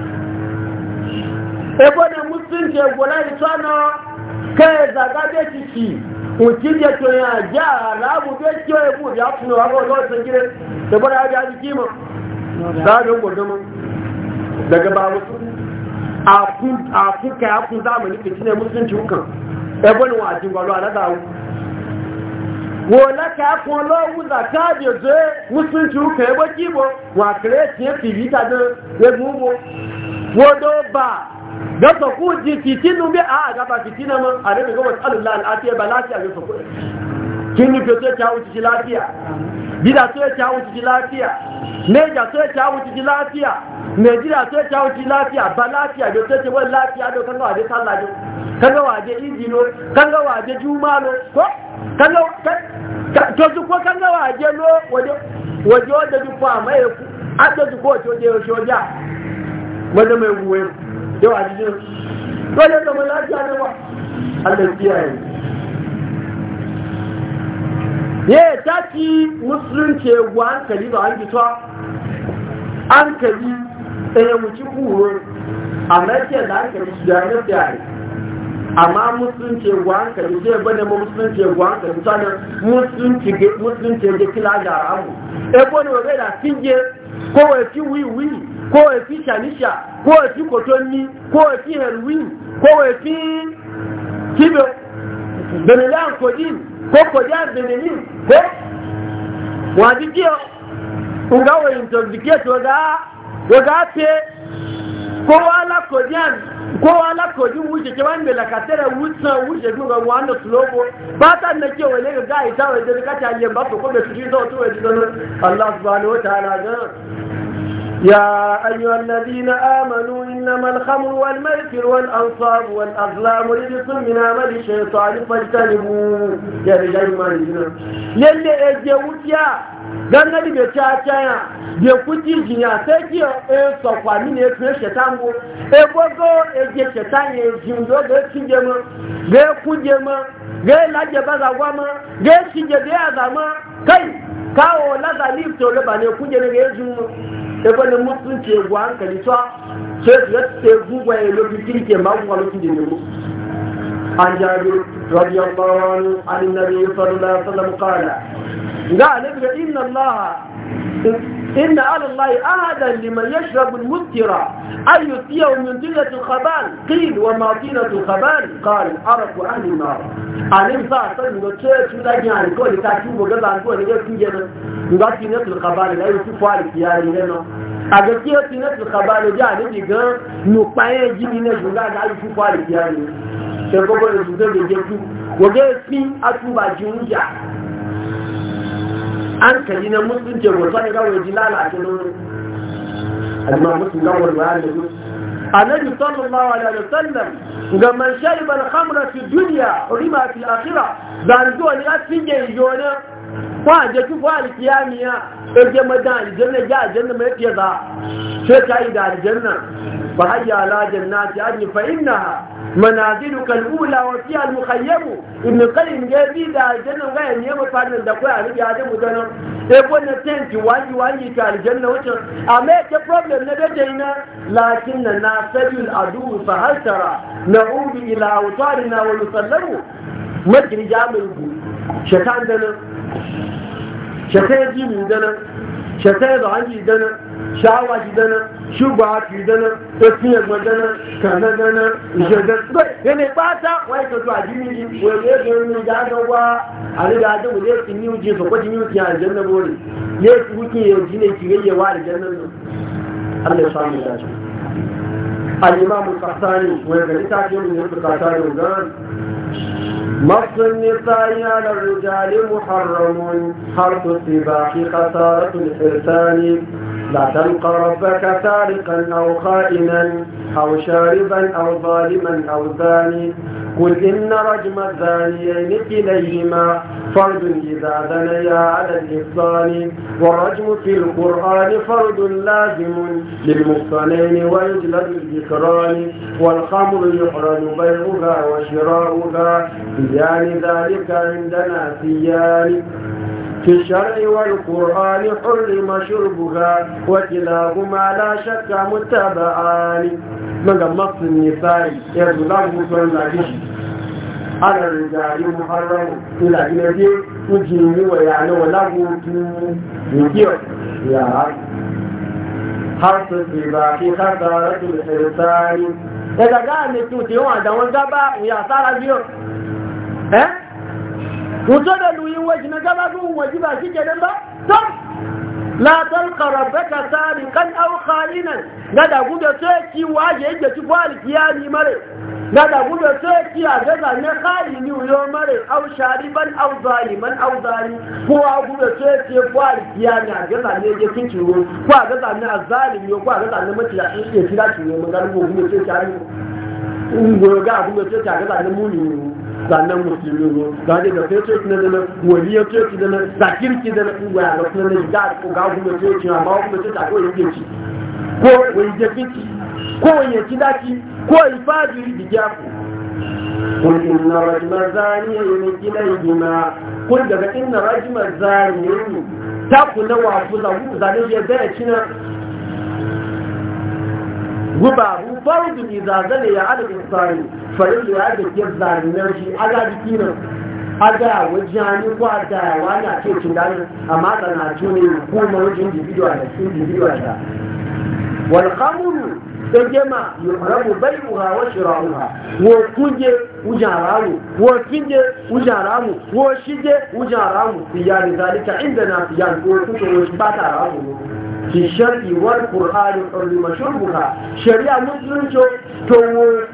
Speaker 1: ebo ne musulunci egbola itwana ke zaga be titi òtítì ètò yẹn àjẹ́ àràbù bí ẹjọ́ ebú ìyá fún wa kọ́ lọ́wọ́ sẹ́kìrẹ́ ìgbọ́dọ̀ ajá ti kí kí dáná wọ́n bá don ka ku ji fitinu bi a gaba fitina man a rabin gaba tsalullah al'afiyar ba lafiya ga su kuɗi kin yi fito ya wuce ji lafiya bida so ya wuce ji lafiya neja so ya wuce ji lafiya nigeria so ya wuce ji lafiya ba lafiya da so ta wani lafiya da kan gawa da sallah da kan gawa da injino kan gawa juma jumalo ko kan gawa to su ko kan gawa da lo waje waje wanda duk fa mai a da su ko to da shoja wanda mai wuwe yau a jikin dole zama lafiya ne wa Allah kiyaye ye ta ci musulunce wa hankali ba an gitwa hankali ɗaya muci kuro a mai da hankali su da yanar da yare amma musulunci gwanka da zai bane ma musulunci gwanka da mutane musulunci da kila da ramu ebo ne wazai da finge ko wa fi wiwi ko wa fi shanisha ko wa fi kotonni ko wa fi heroin ko wa fi kibe benelan kodin ko kodin benelin ko wadi kiyo nga wa intoxicate waga waga pe kowa lakojin wuce ke wani mai lakasarar wutan wuce duka wani sulobo ba ta na ke wani ga ga'i ta wajen kata yin ba ko kuma su ji zautu wajen zanen allah subhanahu wa ta'ala يا أيها الذين آمنوا إنما الخمر والميسر والأنصاب والأظلام رجس من عمل الشيطان فاجتنبوه يا رجال ما يجينا يلي أجيوت يا gangani bai ta caya bai kuji jiya sai ki e sokwa ni ne tuye shetan go e gogo e je ma ga ma ga baza gwa ma ga cinje da azama kai kawo lazali to le ne kuje ne ga jimu ebene ke egwu hankali tsa sai su yadda egwu gwaye lobi kirke magungwa lokacin da nemo an jabi radiyallahu anhu an nabi sallallahu alaihi wasallam qala ga alibra inna allaha إن آل الله أهدا لمن يشرب المسكرة أن يطيع من دلة الخبال قيل وما دلة الخبال قال أرق أهل النار أعلم صاحب وكيف تلاقي عن كل تاكيب وقضى عن الكل يجب تنجينا نغطي نت الخبال لا يشوف عليك يا رجلنا أغطي نت الخبال جاء نجي قام نقايا جيني نجي لا يشوف عليك يا رجلنا شكرا لك وقال فين أتوبة جنجة hankali na musulunci wata ne rawar ji lalace lori amma musulun rawar ba da su annabi sallallahu alaihi wasallam ga man shariba al-khamra fi dunya rima fi akhirah dan zuwa ne a cikin yona wa je ki fa alkiyamiya ɗauke madan aljanna ya aljanna mai fiye za sai ta yi da aljanna fa hayya ala jannati adni fa innaha manaziluka alula wa fi almukhayyam ibn qayyim ga bi da aljanna ga ne ba fadin da koyi aljanna ya mu dana e ko na tenti wani wani ta aljanna wato amma ke problem na dace ina lakin na nasajul adu fa hal tara na'udu ila awtarina wa nusallamu madrija bil shekan dana shekan jini dana shekan zanji dana shawa dana shugba shi dana tafin yagba dana kana dana ishega bai yana bata wai ka zuwa jini ji wai ne ga yi ga ga wa a ne ga ga mu ne ki niu ji so ko jini ki a janna bori ne ki wuki ya jini ki yayyawa da jannan nan Allah ya samu dace الإمام القحطاني ويقلتا جميل القحطاني وقال مص النساء على الرجال محرم حرث السباح خسارة الحرسان لا تلقى ربك سارقا أو خائنا أو شاربا أو ظالما أو ثاني قل إن رجم الزانيين كليهما فرد إذا ذنيا على الإحصان والرجم في القرآن فرد لازم للمحصنين ويجلد الذكران والخمر يحرم بيعها وشراؤها سيان ذلك عندنا سيان في الشرع والقرآن حرم شربها وكلاهما لا شك متبعان من مص النساء يرزقه صلى على الرجال محرم إلى جنبي وجيني ويعني وله يجيب يا عبد حرص السباح خسارة الحرسان إذا قال نتوتي وعدا وانقبع ويا سارة بيوت ها؟ wuto da luyin waje na gaba zuwan waje ba shi kenan ba tom la talqa rabbaka kan aw khalinan Na gudu sai ki waje yake ci kwali kiyani mare Na gudu sai ki a gaza ne ni uyo mare aw shariban aw zaliman aw zali ko a gudu sai ki kwali kiyani a gaza ne yake kin ciro ko a gaza ne azalim yo ko a gaza ne mutiya yake kira ciro mun ga gudu sai ki a gudu ga gudu sai ki a gaza ne muni sannan musulmi ne za ne da fece na nan waliyar fece na nan zakirki da na kuwa ya rasu na ga ko ga kuma fece ma ba kuma fece ko yake ci ko wani jafinci ko wani yanki daki ko ifadi da gyafu kun inna rajimar zaniye yi gidan gina kun daga inna rajimar zaniye ne ta kula wa fuza ku zane ya zai cina gubaru faridun iza zazale ya adadin tsari farin da ya da ke zarinar shi a ga nan, a ga wajen a da wani a ce cin dani amma tsana tuni kuma wajen individual da individual da wal gema yi rabu bai bai'uha wa shira'uha wo kuje ujaramu wujan ramu wa shige wujan ramu fiye da zalika indana ya ko kuto ba ta ramu في الشرع والقرآن حرم شربها شريعة مسلمة توقف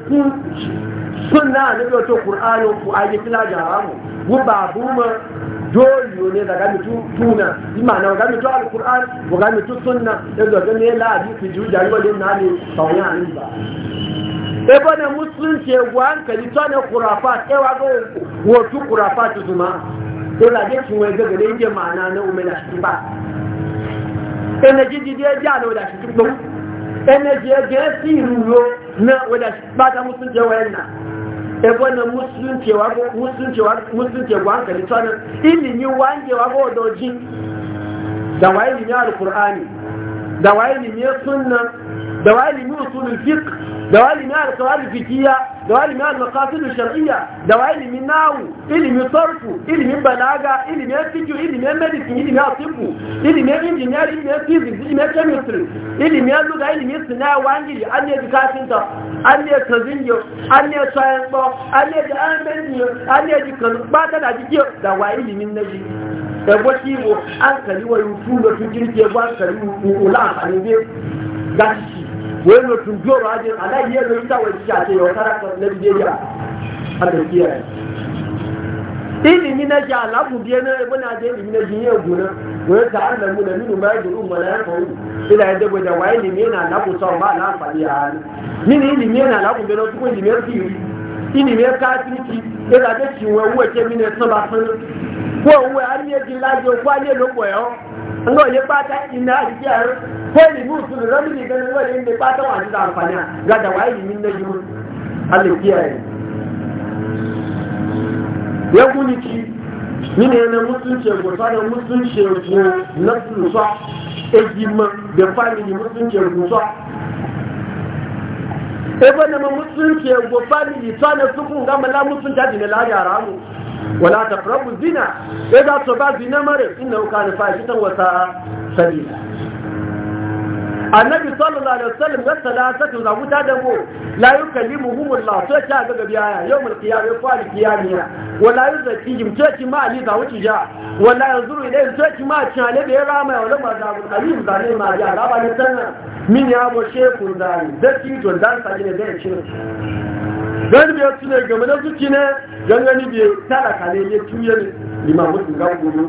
Speaker 1: سنة نبي تو قرآن وآية فلا جرامه وبابوما dole ne daga mutu tuna ima na daga mutu alquran daga mutu sunna daga ga ne la ji fi juja ni wale na ne sauya ni ba e bana musulunci e gwan kali to ne kurafat e wa go ẹnẹjì dídí ẹjẹ́ àná ọ̀dà ṣùgbọ́ ẹnẹjì ẹjẹ́ sí ìlú ro na ọ̀dà pátá musulun jẹ́ wọ́n ẹ̀nà ẹgbọ́ na musulun jẹ́ wọ́n kẹ̀lẹ́ tọ́nà ìlì ní wọ́n jẹ́ wọ́n bọ́ ọ̀dọ̀ jí dàwà ìlì ní alukur'ani dàwà ìlì ní sunna dàwà ìlì ní usulul fiqh dàwà ìlì ní alukawari fikiya da wa ilimin al-maqasid shar'iyya da wa ilimin nawu ilimin sarfu ilimin balaga ilimin fiqh ilimin medicine ilimin asibu ilimin engineering ilimin physics ilimin chemistry ilimin lugha ilimin sinawa wangi an ne kafinta an ne tazinjo an ne sayan bo an ne da an benji wa ilimin naji da ankali an kali wa gashi wai mutum biyo ba ajin ala yi yadda ita wani ya a ce na nigeria a da kiyaye ilimi na ji alaku biye na muna je ilimi na ta an lamu da minu ma yadda na ya faru ina yadda gwada wa na na amfani na na tukun ilimi ya ilimi e e e ya kafirci ya zaje ciwo wuwa ke mine sun ba sun ko wuwa har yi jin lajo ko ne lo koyo an ga wani fata ina a jiki a yau ko ni mutu da zama ne ganin wani ne fata wani da amfani ga da waye limin na jimin Allah kiyaye ya guni ci mine na mutunce gusa da mutunce gu na tsusa ejima da famili mutunce gusa ebe na ma musulunci yango ita tana sukun ga mala musulunci ajin la yara mu wala ta prabu zina ebe so ba zina mare inna kana fa'itan wasa sabila annabi sallallahu alaihi wasallam ya salatatu za wuta da mu la yukallimuhum Allah to ta ga gabi aya yawmul qiyamah fa al qiyamah wa la yuzakihim to ci ma ali za wuci ja wa la yanzuru ilayhim to ci ma ci ale be ra ma wala ma za qalim da ne ma ja da ba ne sanna min ya bo shefu da ni da ci to dan sa ne da ci dan biya tune ga da zuci ne dan gani biya tara kale ya tuye limamu ga gudu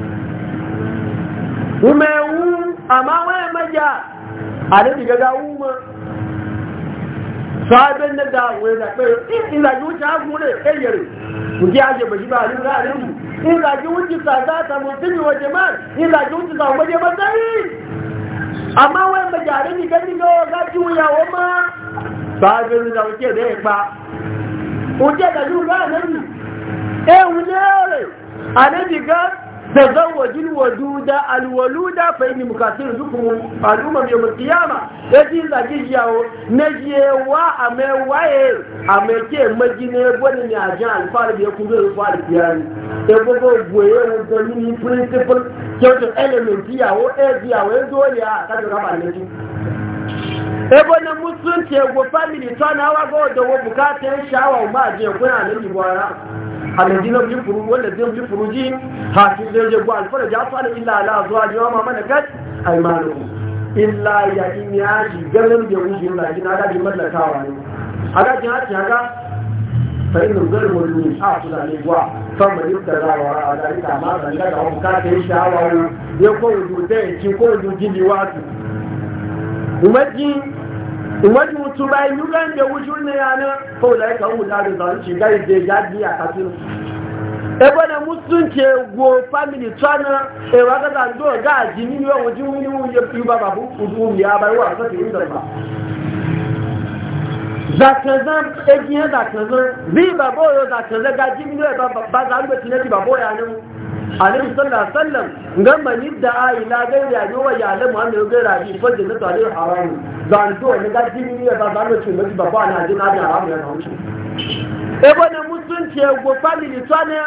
Speaker 1: wume wu amma waya maja a da diga ga wu ma sabin da da waya da kai in da ji wuce hagu ne kayyar ku ji aje baji ba ni ga ne in da ji wuce sa za ta mutumi wa jama'a in da ji wuce sa waje ba sai amma waya maja da ni gani ga ga ji wuya wa ma sabin da wuce da ya ba wuce da ji ga ne eh wuce ne a da diga da zawajin wadudu alwaluda fa yi mukasir zukumu al'umar yau mai kiyama ya ji zage yawo na yewa a mai waye a mai ke maji ne gwani ne a jan alfahari da ya kuma zai fara biya ne ya gwagwa goye na zanini principal kyautar elementi yawo ya ziyawo ya zo a kasar rabar da ebo na musulunci egwu famili tọ na awa ga odowo bukata ya sha'awa ma je kuna alaji a alaji na bi furu wanda zai bi furu ji hafi zai je gwa alfara ja su ala illa ala zuwa ji wama mana kat aimanu illa ya in ya ji ganin da wuji na ji na gaji mallakawa ne a gaji haki haka fa'in da zai mulmi a su da ne gwa sama yi da zawa a zarika ma zan zanga da bukata ya sha'awa ya kowa dutse ya ci kowa dutse liwatu kuma ji wani mutum bai yuran da wujun ne yana kawai da yaka wuta da zalunci gari da ya ji a kafin ebe da musulunci go famili tsana e ga da ndo ga ji ni wa wujun wuni wuni ya ba babu kudu ya bai wa sa tin da ba zakazan ejiyan zakazan riba boyo zakazan ga ji ni wa ba ba zalunci ne ti ba boya ne alim sallallahu sallam ga mani da a ila gai ya ne wa yalan muhammad ga rabi fa da na tare haram zan to ne ga jini ne ba zan ce mutu ba ba na ji na da haram ya hauce e bona musun ce go family tsane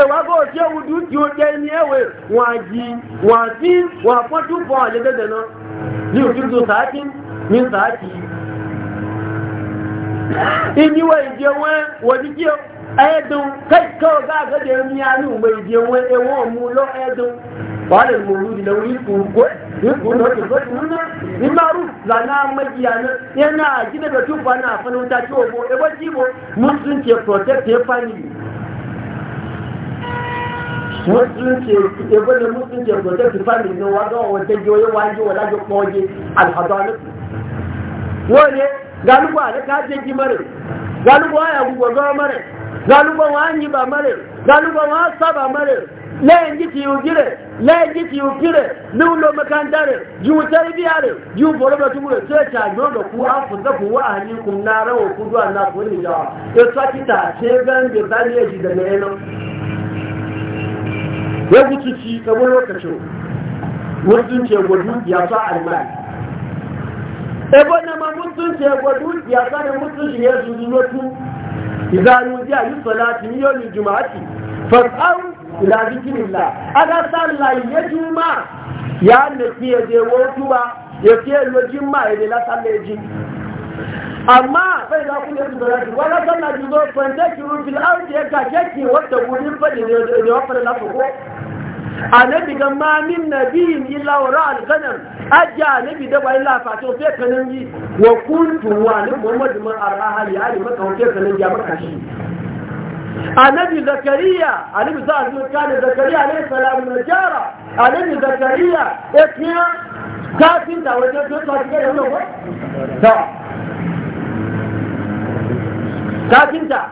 Speaker 1: e wa go ce wudu ti o ke ni ewe wa ji wa ti wa potu bo ale de de no ni o tudu saatin min saati ini wa je wa wa ẹ̀dùn kẹ́kọ̀ọ́ bá àgọ́jẹ́ ní alúùgbé ìdí owó ẹwọ́ mú lọ ẹ̀dùn wàhálà ìmòrú ìdílé orí ìkùnkó ìkùn náà tó fẹ́ nínú ìmárù lànà méjì àná yẹn náà jíndẹ̀bẹ̀ tó fa náà fún oúnjẹ tó owó ẹwọ́ tí mo muslim ṣe protect your family ṣe ẹgbẹ́ ni muslim ṣe protect your ní wàá dánwò tẹ́jú oyé wáyé wọ́n lájọ pọ̀ ọjẹ́ alùpàdọ́ wọ́n ní galubu alẹ́ galuba wọn yìí bà mẹ́rẹ̀ galuba wọn sábà mẹ́rẹ̀ lẹ́yìn jí ti ògírẹ̀ lẹ́yìn jí ti ògírẹ̀ ní ń lo mẹ́kàntà rẹ̀ ju tẹ́rìbíà rẹ̀ ju bọ̀rọ̀bọ̀ tó e múlẹ̀ tó ẹ̀kà gbọ́dọ̀ kú áfùsẹ́kù wà ní kùn náà rẹ̀ òkú dùn àná fún ìjà ètò àkìtà ṣe é bẹ́ẹ̀ ń gbé báyìí èjì dẹ̀lẹ̀ ẹ̀ lọ. yẹ́gù tuntun ẹ̀wọ́n lókàṣọ mutunci gudu ya sa alman ebo na ma mutunci gudu e ya sa ne mutunci ya e zuru lotu إذا نودي للصلاة من يوم الجمعة فاسعوا إلى ذكر الله أنا صلى يجمع يا نسي يجوتوا يكي الوجمع إذا لا صلى يجمع أما فإذا كنت صلاة ولا صلى جزء فانتكروا في الأرض يكاكي وتقولين فإذا يوفر لفقه annabi ga ma min nabiyin illa wa ra'al ghanam ajja annabi da bai la fa to sai kanan yi wa kuntu wa ni muhammad man araha ya ali maka wa kanan ya maka shi annabi zakariya annabi za a zo kana zakariya alayhi salamu na jara annabi zakariya ya kiya kafin da wajen to ta ga yau ko ta kafin ta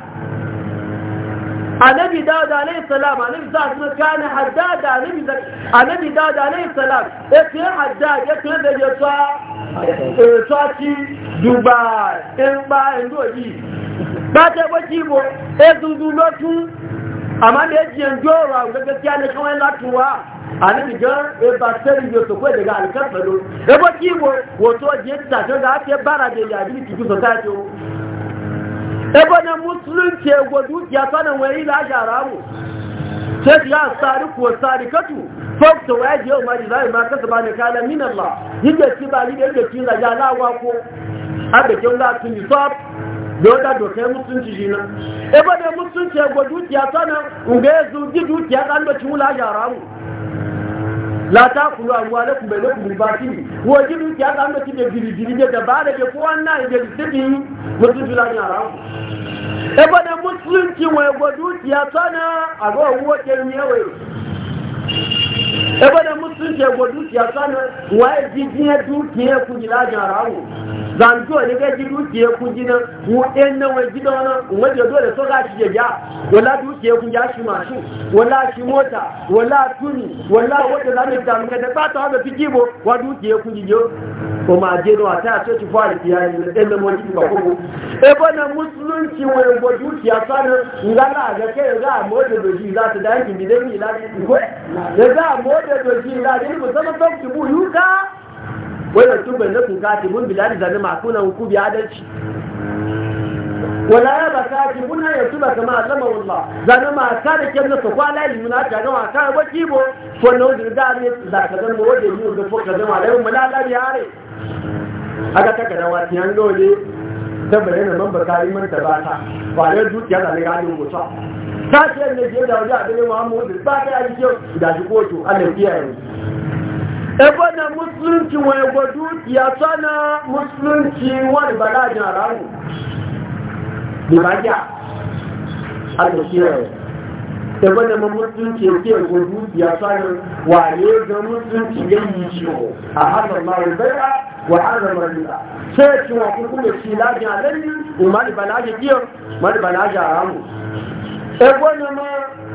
Speaker 1: annabi dawud alayhi salam annabi sa kuma kana haddad annabi zak annabi dawud alayhi salam yace haddad yace da yata tsaci eh, dubai in ba ndo yi ba ta baki bo e dudu lotu amma da yaji yanzu ra ga gaskiya ne kawai latuwa annabi ga e ba sai yo to kai daga alkafalo e baki bo wato je ta ga ta bara da ya bi ki so ta to ebonin musulunci e gwadu ya sanin wani lashara mu sai su ya tsari kuwa tsari katu fokta waya yaji yau mari zai ma kasa bane kala min Allah yadda ci ba ni yadda ci za ya lawa ko har da kyau za su nisab da wata dokar musulunci shi nan ebonin musulunci e gwadu ya sanin unga ya ji dukiya ɗan da ci mu lashara mu la ta kulu amwalakum bainakum bil batil wajibu ki aka anda kike girigiri ne da bada ke ko wannan da tibi wato bilan yara e bada musulunci wai godu ya sana a ga wuwa ke ne ebe da musulunci ya gwadu ya sani waye jijiyar dukiyar kuji lajin zan zanto ne ga ji dukiyar kuji na wuɗin na wai gida wani wadda dole so za shi ya ja wala dukiyar kuji ya shi mashin wala shi mota wala tuni wala wadda za mu ta muka da fata wadda fi bo, wa dukiyar kuji yo ko ma je da ta so ci fara tiyari da ɗan nan wani ba kuma ebe da musulunci wai gwadu ya sani ngala ga kai za a mota da shi za ta da yankin gidan milani ko za a da doki da ne mu zama ki yuka wala tuba na ku ka ti mun bilal da ne makuna ku bi adalci wala ya baka mun ya tuba kama wallah zan ma ka da kin su kwala yi ga ko no da ne da ka da mu aka taka da watiyan yi ta ba ta ba da dukiya da ne ga ni ba ta yadda ke da wajen abin muhammadu ba ta yi kyau da shi kotu allah kiyaye ebe na musulunci wani gwadu ya tsana musulunci wani balajin haramu da bagiya allah kiyaye ebe na musulunci ya ke gwadu ya tsana wane ga musulunci ya yi ciwo a hannun marar bai'a wa hannun marar sai ya ci wa kuma shi lajin halayi umar balajin kiyo mara balajin haramu ebo na ma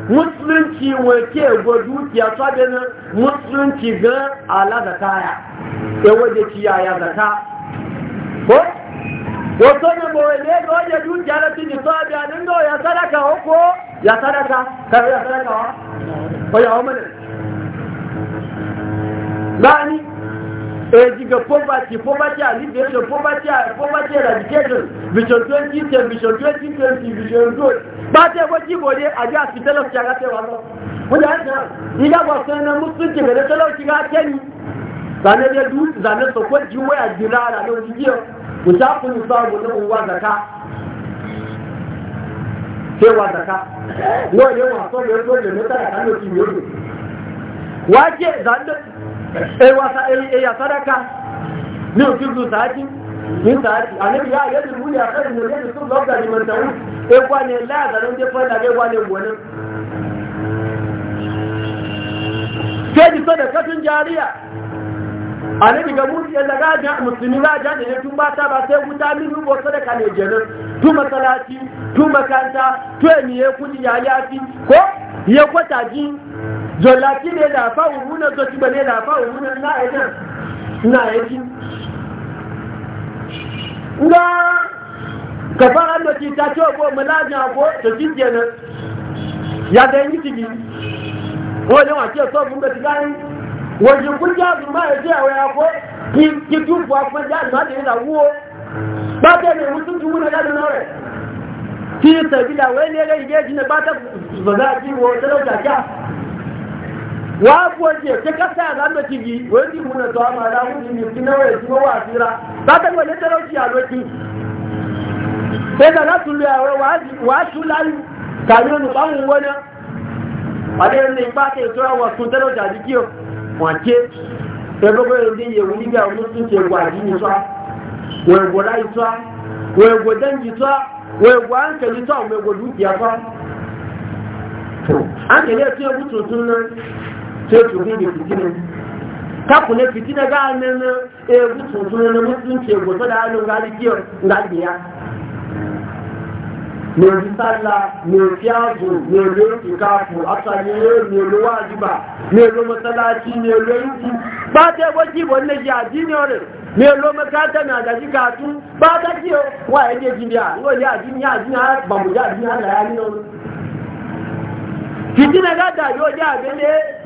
Speaker 1: musulunci wake ego dukiya sabe na musulunci ga ala da kaya ewo da kiyaya da ko wato ne bo ne ga wajen dukiya da tiji sabe nan ya sadaka ko ya sadaka ka ya sadaka wa ko wa mana bani ejiga poverty poverty alleviation poverty poverty eradication vision 2010 vision 2020 vision ba ta yi gode a ji a fi talauci ga ta wanda ya ta yi ga sai na musulunci ga da talauci ga zane da du zane so ko ji waya jira da don jiyo ku ta ku ni ba na uwa wa ne wa so ne to ne ne ta ka zane eh wa sa ya sadaka ne o ti min sa'ati annabi ya yi da muni a kan da yake sun gaba da man tawu e kwane la da ran je fada e ga kwane gona ke ji sada katun jariya annabi ga mu ya daga ja musulmi ba ja da tun ba ta ba sai guta ko sadaka ne tu ya ko ya na nga ka fara da ci ta ce ko malajin ko to shi na ya da yi ciki wajen wa ce so mun da tigani wajen kun ja zuma ya ce waya ko ki ki tufu akwai ja zuma da na wuwo ba ne mutum tumu na gadi nore ki sabila wai ne ga ige jina ba ta ba za a ci da talauta kya wáàbù ọjẹ́ ṣe kásá àlámẹ́tì yìí wọ́n ti múnà tó àmà aláwọ̀ ní ìsí náà èsì wọ́n wà síra na lẹ́tẹ̀rọ̀ sí àlọ́jì tẹ́lẹ̀ látúlẹ̀ àwọn wàásù láyù tàbí olùpáhùn wọ́n adé ní ipá tẹ̀ tó àwọn ọ̀sùn tẹ́lẹ̀ jàdí kí wọ́n ké ẹgbẹ́gbẹ́ ìdí yẹ̀wù níbi àwọn oníṣẹ́ ṣe wà yìí ní sọ́ sai su bi da fitinin kaku na fitina ga annan na eh gutsu sunan na mutunce gobe da hannun galikiyar galiya mèrì sálà mèrì ààbò mèrì ìkààbò àtàlẹ́yẹ mèrì wájúbà mèrì mọ́sálásí mèrì ìkú bá tẹ́gbọ́ jí ìbọn lè jẹ́ àdínìọ́ rẹ̀ mèrì mọ́kátẹ́ ní àdájí kààtún bá aji wà ẹ̀dẹ́ jìndì à ń lè àdínìọ́ àdínìọ́ bàmùjá àdínìọ́ àdáyá nínú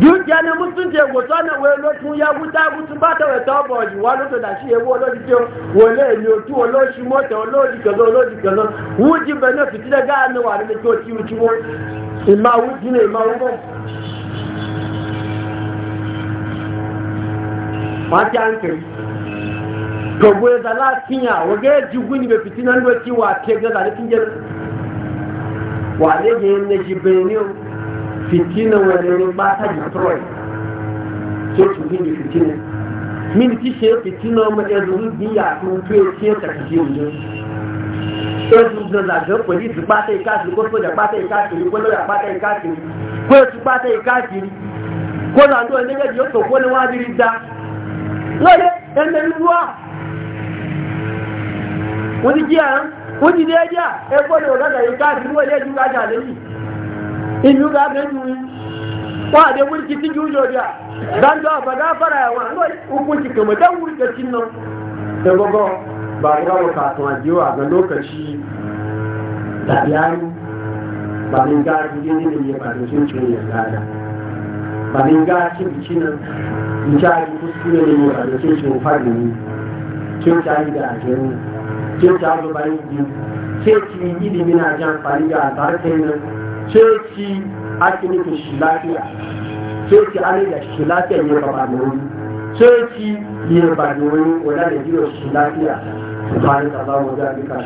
Speaker 1: dúkìá ni mùsùlùmí èwò tọ́nà wo lókun ya wúta wútu bá tọ̀wẹ̀ tọ́ bọ̀ yìí wá lóṣù dàṣí ewu olódi tí ó wò lé èmi òtú olóṣù mọ́tò olódi kẹsàn olódi kẹsàn wú jí bẹ̀ náà fìtílẹ̀ gáàmì wà níbi tí ó ti wú tí wọ́n ìmá wú jí ní ìmá wú bọ̀. wọ́n ti gbogbo ẹ̀dá láti yàn wọ́n gẹ́gẹ́ gún níbi fìtílẹ̀ ló fitina wani ba ta destroy sai su gini fitina min ti ṣe fitina ma ya zuru biya tun to ya ce ta kashe wani ẹ̀sùn ìdánilàjọ́ pẹ̀lú ìtùpátẹ́ ìkáàkiri kó sójà pátẹ́ ìkáàkiri kó lọ́yà pátẹ́ ìkáàkiri kó ètù pátẹ́ ìkáàkiri kó làndó ẹ̀lẹ́gẹ̀dì ó tòkó ní wọ́n adìrí dá lọ́yẹ́ ẹ̀mẹ́lúwà wọ́n ti jẹ́ àán wọ́n ti dé ẹjẹ́ ẹgbọ́n ìlú ga wa da wurki wúrìkì tí jù dan da fa da fara ẹ̀wọ̀n ko ikú ti kẹ̀mọ̀ dá wúrìkì tí nà ẹgbọ́gbọ́ bá ba wọ́n kà tún àjẹ́ wà ga lokaci, da ayú ba ni ga ji ne ne ba da sun cin ga da ba ni ga cin nan in ja ku ci ne ne ba da sun cin fa ne cin ja ji da ajiyar cin ji yi ni biyu sai ki yi ilimi na jan fari da albarkai nan ce ki ake nufi shi lafiya ce ki ane da shi lafiya ne ba ba nori ce ki ne ba nori wadda da biyo shi lafiya bayan da za mu da ila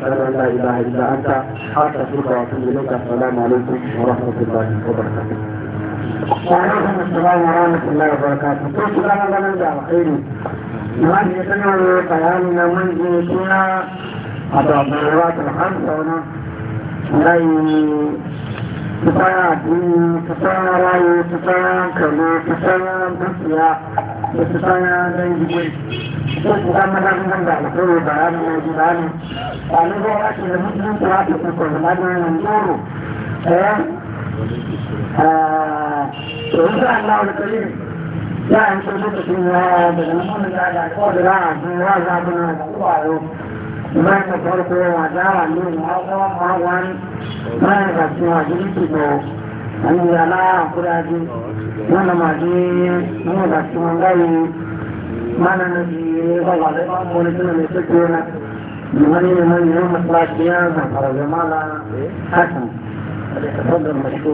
Speaker 1: ila anta har ta suka wa kun ne ka fara Wani ya sanar da bayani na mun تساعدي تساعدي تساعدي تساعدي تساعدي
Speaker 2: Sukuk amat nak mendengar, perlu bahan lagi bahan. Kalau orang sudah muslim telah dipukul lagi yang juru, eh, ah, Tuhan Allah lebih. Jangan sesuatu dengan dengan mana ada kau derang, dengan apa nak kau ìbáraẹni ọ̀pọ̀lọpọ̀ àdáwà lórí ọwọ́ àwọn ìbáraẹni àti àdúgbò ìdìbò àwọn aláwọ̀ kúrájú wọn nà máa dé wọn ìgbà tí wọn gáyé mana na di ọgbà lẹ́gbà mọ́lẹ́ tí wọn lè tó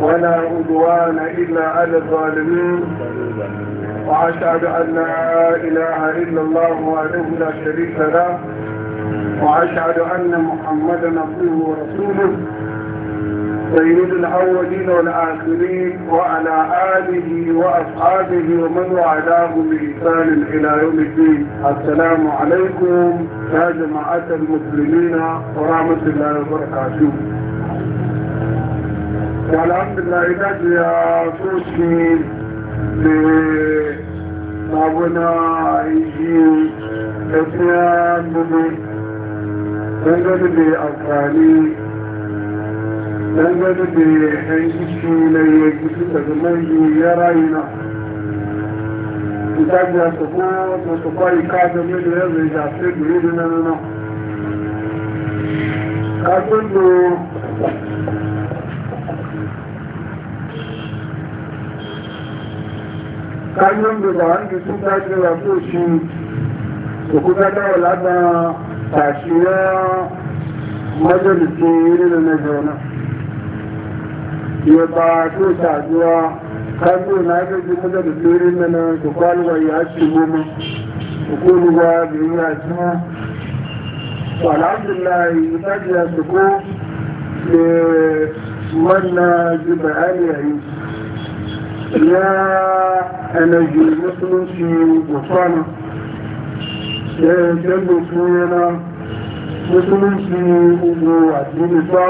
Speaker 1: ولا عدوان إلا على الظالمين وأشهد أن لا إله إلا الله وحده لا شريك له وأشهد أن محمدا عبده ورسوله سيد الأولين والآخرين وعلى آله وأصحابه ومن وعداه بإحسان إلى يوم الدين السلام عليكم يا جماعة المسلمين ورحمة الله وبركاته alhamdulillah ìdájí a tó sí lè magúnà ìyí ẹ̀sìn gbogbo ẹgbẹ́ni bí àǹfààní ẹgbẹ́ni bí ẹ̀yíkú lẹ́yẹ gúúsù pẹ̀lú mẹ́yìn yára iná ìdájí a sọ̀kọ́ sọ̀kọ́ ìkáàkiri mẹ́lú ẹ̀rẹ̀ ìjà sí ìgbìyànjú náà káyọ̀ ń gbèdà wá ní tún dájú ẹ̀rọ tó ya òkúta dáwọ̀ lágbàá tàṣírẹ́ mọ́jọ́lì tí nínú mẹ́jọ náà ìyẹ̀bà tó da kájú ìnáyẹ̀kẹ́jì na tí rí mẹ́nà kòkó àlùwà ìyá ti gbọ́mọ́ òkú olùwà bìnrin àti wọn alhamdulillah ìtajà sùkú lè mọ́nà ju bàálì àyíkú ya energy musulunci da ya jambo yana musulunci
Speaker 2: ugbo adinisa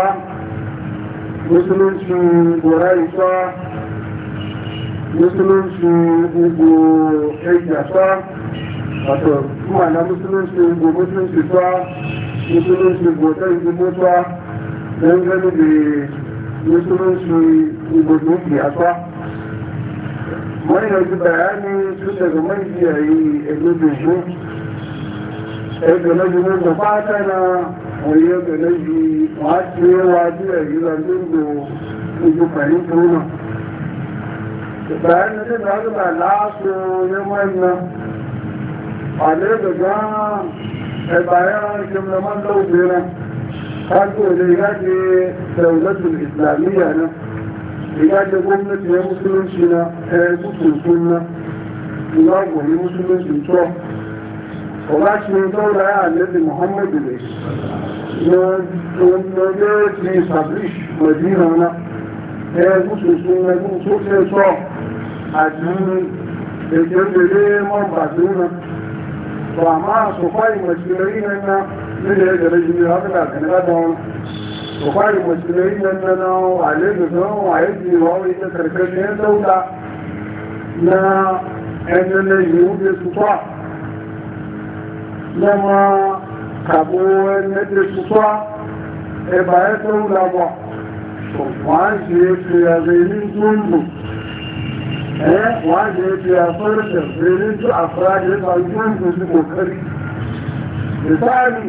Speaker 2: musulunci goraisa musulunci ugbo ejasa
Speaker 1: wato kuma na musulunci ugbo musulunci sa musulunci ugbo ta izigbo sa don gani da musulunci ugbo dukiya sa wani yanzu bayanin tun daga man iyaye egbebinsu egbebinsu da fata na wani egbebinsu wata yawa biya gila lindo ibu fahimta wuna bayanin da na zuba lasu neman na alẹ́gbẹ̀gbẹ̀ ẹgbàáyán kemgbe mọ́ lọ́wọ́ bẹ̀rẹ̀ káàkiri ìrìnàjò ìsìlàmíyà náà riga da gwamnati ya musulunci na ta yi tutun sunna ina gobe musulunci to ba shi ne daura muhammadu ne na wanda ya ce sabrish madina na ta eh, yi tutun sunna gun so ce a jini da jirgire man ba to amma na da ya da bukwari musulmi nan na nawa a lagos a yake wawai na karkashin dauda na yan yiwu da su kwa na ma kabo na da su kwa e ba ya dauda ba wọ́n ṣe fi àzẹ̀rí gbóngbò ẹ́ wọ́n ṣe é fi àfẹ́rẹ́fẹ́ rí tó àfẹ́rẹ́ àjẹ́ ìgbà gbóngbò sí kò kẹ́rì ìsáàlì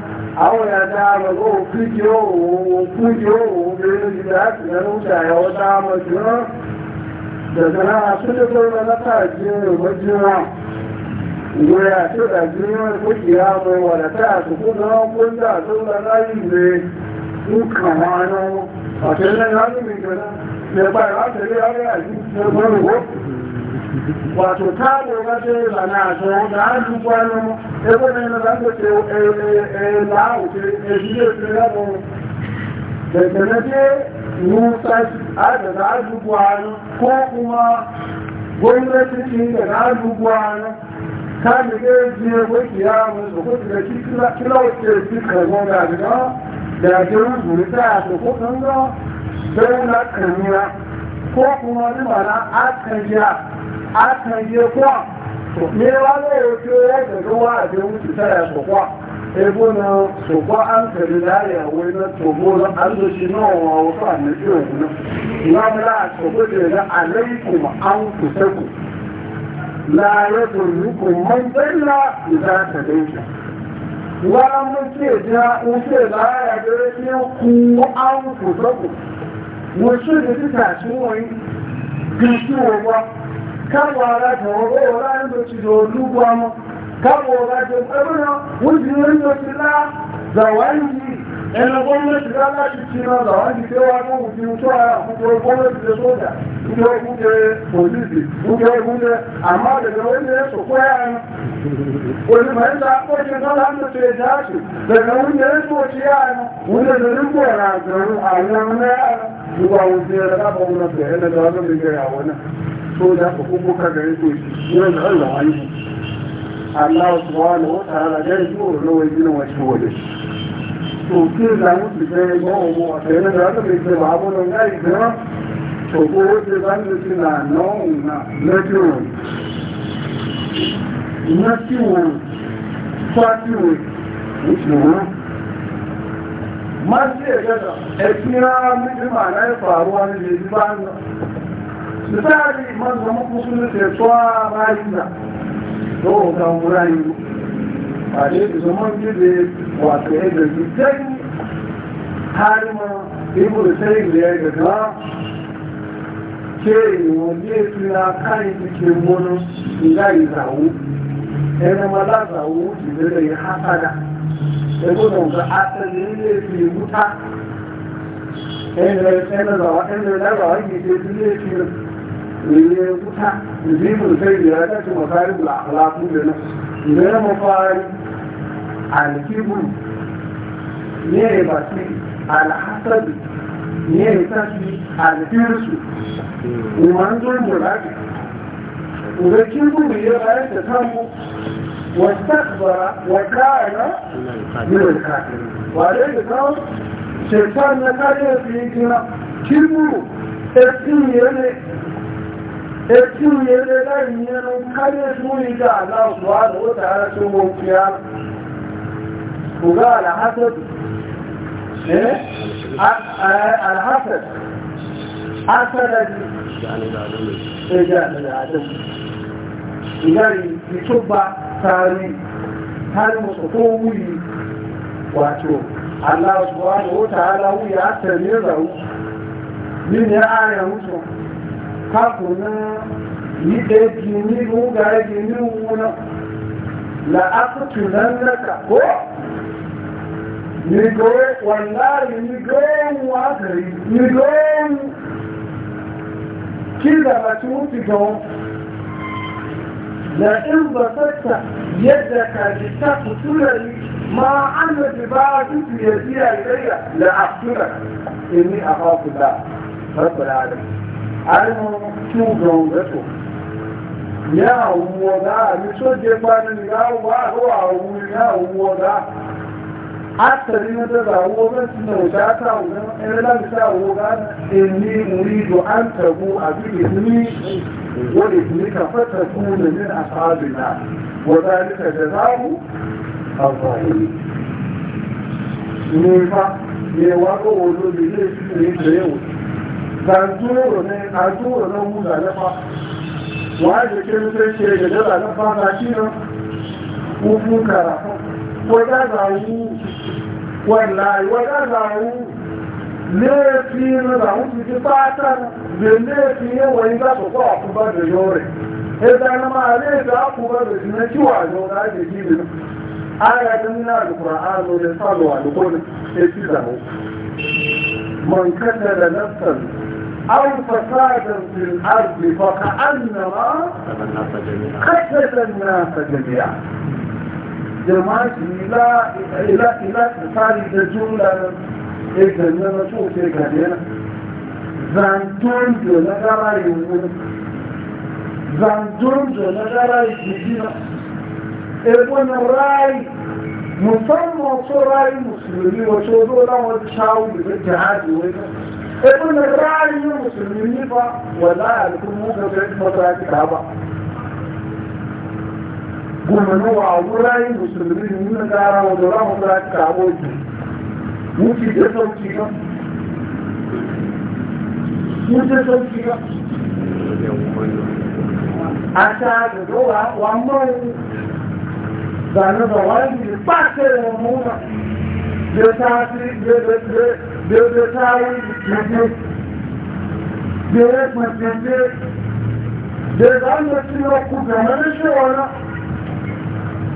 Speaker 1: àwọn ìyàtà àmọ̀gbọ́ òfújì òun òfújì òun obìnrin lójú láti lẹ́nu ṣàyẹ̀wò tá a mọ̀ jù náà dẹ̀sẹ̀ náà a tó lọ látàrí ìròmọ́jú náà ìgbéra àti ìdàjú ní wọ́n fún ìyá ọmọ ìwọ̀dà tá àtùkú náà kó ń dà tó lọ láyé ìwé ń kàn wọn náà ọ̀tẹ́lẹ̀ láti mìíràn nípa ìwádìí wato ta gaba ce zana to da an ji kwano ya gwanin na zan ce la'ahu eh, eh, eh, ne su rabu da ta nace ko kuma gwamnati ce da za a ta da jiye wai da kuka da shi kilawace shi karbo gida da jirin zurita a sokokan ga don na kamiya ko kuma ni a kan àtàyè pọ̀ ní wálé wa a wà àdéhùn ti tẹ́lẹ̀ kwa? ebo na sọ̀pọ̀ áńtẹ̀lẹ̀ láyé àwọn iná tòbó alóṣì náà wọn ọ̀fọ́ àmẹ́jì òun náà lámúlá àtọ̀pọ̀ tẹ̀lé alẹ́ ìkùn àwọn kùsẹ́kù láàárẹ̀ tó lùkù mọ́ńtẹ́lá ìdá tẹ̀lé ìjà wọ́n mú sí ìdá oṣù láyé àbẹ̀rẹ̀ ní ya àwọn kùsẹ́kù wọ́n an ìdí títà sí wọ́n yìí bí sí wọ́n wá káwọn arájọ ọwọ́ ọ̀rá ń lò ti lò lúgbọ ọmọ káwọn arájọ ẹgbẹ́nà wọ́n ti rí lò ti lá zàwáyé yìí ẹnu gọ́ọ̀mẹ́tì láti ti náà zàwáyé pé wá fún òfin tó ara àkókò gọ́ọ̀mẹ́tì lè sódà ìjọ ìgúnjẹ pòlìsì ìjọ ìgúnjẹ àmọ́ àgbẹ̀gbẹ̀ ó ní ẹ̀sọ̀kọ́ ẹ̀rin olùmọ̀ẹ́ta pọ́jù náà ń tètè dáàtì bẹ̀rẹ̀ oúnjẹ ẹ̀sọ̀ ti ẹ̀rin oúnjẹ lórí pọ̀ ẹ̀rọ àgbẹ̀rún àwọn ọmọ ẹ̀rin ìwà òfin ẹ̀rọ lábọ̀ ọmọ bẹ̀rẹ̀ lẹ́gbẹ̀rún saboda haka kuma ka gare su yau da Allah wani Allah subhanahu wa ta'ala da ya zuwa na wani gina wani waje to kin da mu da ya ga mu a tsaye da Allah mai ce babu nan ga ita to ko wace zan da shi na nan na na kiwo na kiwo fa kiwo ni kiwo ma ce ga da e kira mu da ma na faruwa ne da ba misali manzannin musulun da tsawa bayan da yau ga wurayi a ce da zaman gizo wato ya da gidan harima ibu da sai da ya gaga ke wanda ya tura kayan cikin wani ila yi zawo yana ma za zawo da ya hasada ya gudu ga asali ne fi wuta yana da zawo yana da zawo ne ke tura ne wuta zibin sai da ya dace masari bula akhlaqu da na ne mafari alkibu ne basi alhasad ne tashi alfirsu umman zo mulaki uga kibu ne ya da kanmu واستكبر وكان
Speaker 2: من الكافرين
Speaker 1: وعليه قال ya نكاية ẹtí ya láì nínú káyẹ̀sí ìgbà aláwọ̀ àlọ́ta ara tó mọ̀ kí á kò gá àlàhásẹ̀tù ṣe àlàhásẹ̀tù ásẹ̀lẹ̀dì ẹjẹ́ àlàhásẹ̀tù ya ìtúgba sáré har musu ko wuri wato Allah subhanahu wa ta'ala wuya ta ne rawu min ya aya musu kakuna yi da jini ruga ya jini wuna la'akutu nan naka ko nigoye wallahi nigoyen wazari nigoyen kila mace mutu don da in ba sassa yadda ka ji ta kusurari ma an da ji ba su ya biya ilayya da asura inni a haku da rabbul alamin ainihin cin gato ya wuwa za a yi soje gbanin ya wuwa zuwa wuri ya wuwa za asali na da zawo zan ci na wuta ta wuta ɗan lam sa wuga inni muridu an tabu a biyu ni wani ni ka fata kuna min ashabina wa zalika jazaa'u al-zalimin ni fa ne wa ko wani da zai ci ne da yau zantoro na mu da nafa wa da ke na shi nan kufu zawu wallahi wa da zawu lefi na zawu su ji أو فسادا في الأرض فكأنما خشيت الناس جميعا جماعة إلى إلى إلى إلى إلى إذا إلى إلى شيء كذا زانتون جل جلاله يقول زانتون جل جلاله يجينا ابن الرأي مصمم صراي مسلمي وشوفوا لهم الشعب بالجهاد وكذا ibn ra'ayi musulmi fa wallahi al'ummu ga sai masaraki ka ba gumanu wa wurayi musulmi ne na gara wa dora masaraki ka ba ki muti da sauki ka muti da sauki ka a ta da dowa wa mai zanen da wani ba ta da mummuna biotari gbẹ̀gbẹ̀ gbẹ̀rẹ̀ gbẹ̀gbẹ̀ gbẹ̀rẹ̀ àmẹ́sí ọkù gbẹ̀mẹ́rẹ́ ṣe wọ́nà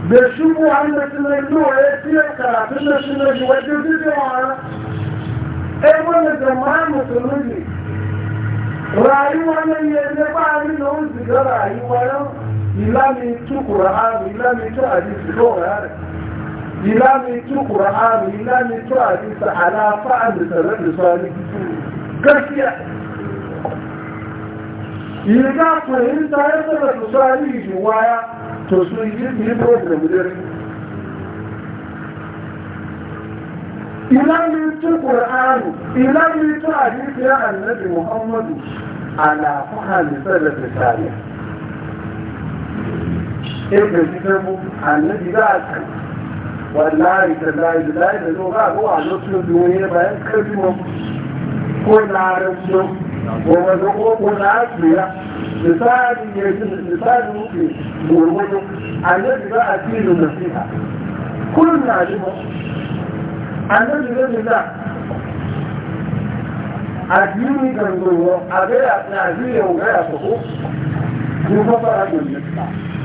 Speaker 1: gbẹ̀ṣùgbù àmẹ́sí lẹ́nu rẹ̀ tí ẹ kàrà tí lẹ́ṣù lẹ́ṣù wẹ́jẹ́ dídé wọ́nà ẹgbẹ́ lẹ́gbẹ̀ máa mùsùlùmí ràyíwá lẹ́yẹ ẹgbẹ́ àrínà ó sì gọ́ ràyíwá náà ìlànà ìtúkù rà إلى أن تقرى آمن إلا من تقرى إنسى على فعل سرد صالح كشية إذا فإنسى سرد محمد على فعل سرد صالح إيه، إذا فإنسى سرد wallahi tallahi da zai da zo ga ko a lokacin duniya bayan karfi mu ko larabci ko wanda ko ko na asiya misali ne misali ne gurgudu annabi za a tilo nasiha kullum na shi ba annabi zai da addini gangowa a ga ya na ji yau ga ya ko ko ba fara da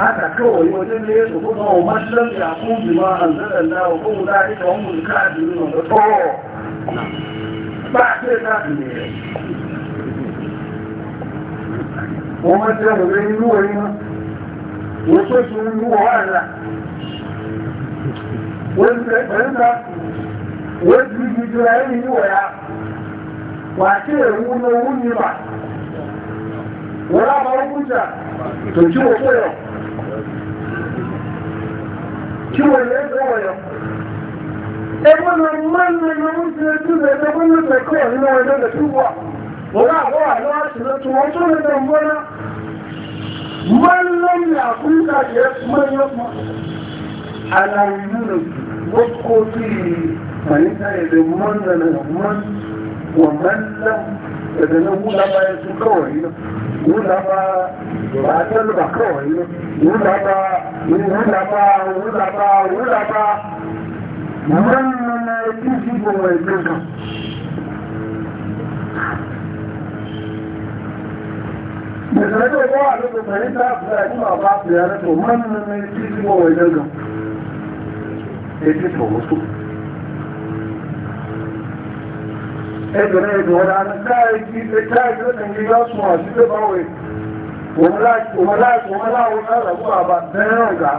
Speaker 1: 他我不我们弄点东西嘛，很自的。我从那里从头开始懂得多。那现在呢？我们这样认为吗？我说是认为我是什么？我自己就认为呀。我事无忧无虑吧，我老公不是退休了。Ciwon ya zama yau. Ebon na manyan na mutu na tu da zagon na tsakiya ne na wajen da tuwa. Wala kowa na wasu na tuwa to na dambona. Mallan ya kun ka ya manyan ma. Alamu na wakoki manita ya da man da na man wa man lam daga nan wula ba ya su kawai na wula ba ba a tsalu ba kawai na wula ba wula ba wula ba wula ba wannan na ya fi shi ba mai duka Misalai da yawa da ta fahimta su da kuma ba su yare to wannan na ya fi shi ba mai duka. Ya fi ta wasu. ẹgbẹ̀rẹ̀ ìdòwòdà láìkí lónìí yọ́ sùn àṣílẹ̀ báwẹ̀ òun láàrín aláwọ̀ àbàtẹ́rẹ̀ ọ̀gá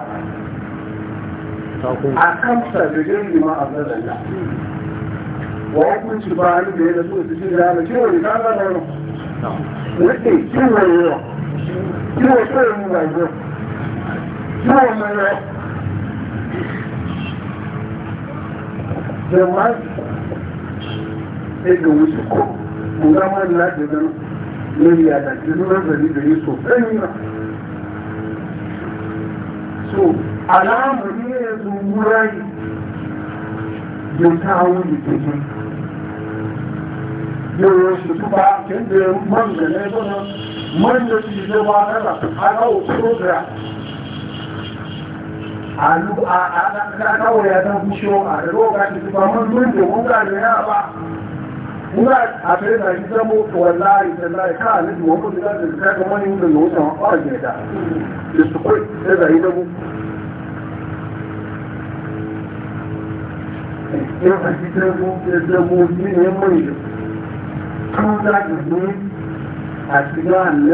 Speaker 1: àkàmsà gẹ́gẹ́ ìgbìmọ̀ àbẹ́lẹ̀lá wọ́n kún ti bá ní bẹ̀rẹ̀ lọ́sọ́ òṣìṣẹ́ ìrìnàmì tí wọ́n rí ká lọ́rọ̀ wípé tí wọ́n rọ̀ tí ẹgbẹ̀ wo sì kọ́ mo dá wọn láti dáná lórí àdàtì lọ́sẹ̀ níbẹ̀ yìí sọ fẹ́ nínà so aláàmù ní ẹ̀sùn wúrá yìí yóò tá àwọn ìdèjì yóò sì túbà kéde mọ́ǹdẹ̀ lẹ́gbọ́nà mọ́ǹdẹ̀ sì ìjọba alára aláwọ̀ púrógà àlú àkáwọ̀ yàtọ̀ fúnṣọ́ àrẹ̀lọ́gà ti túbà mọ́ǹdẹ̀ wọ́n gà lẹ́yà bá nígbà àtẹ́rẹ́ta ìṣẹ́ mú wọ̀lá ìṣẹ̀lá ndị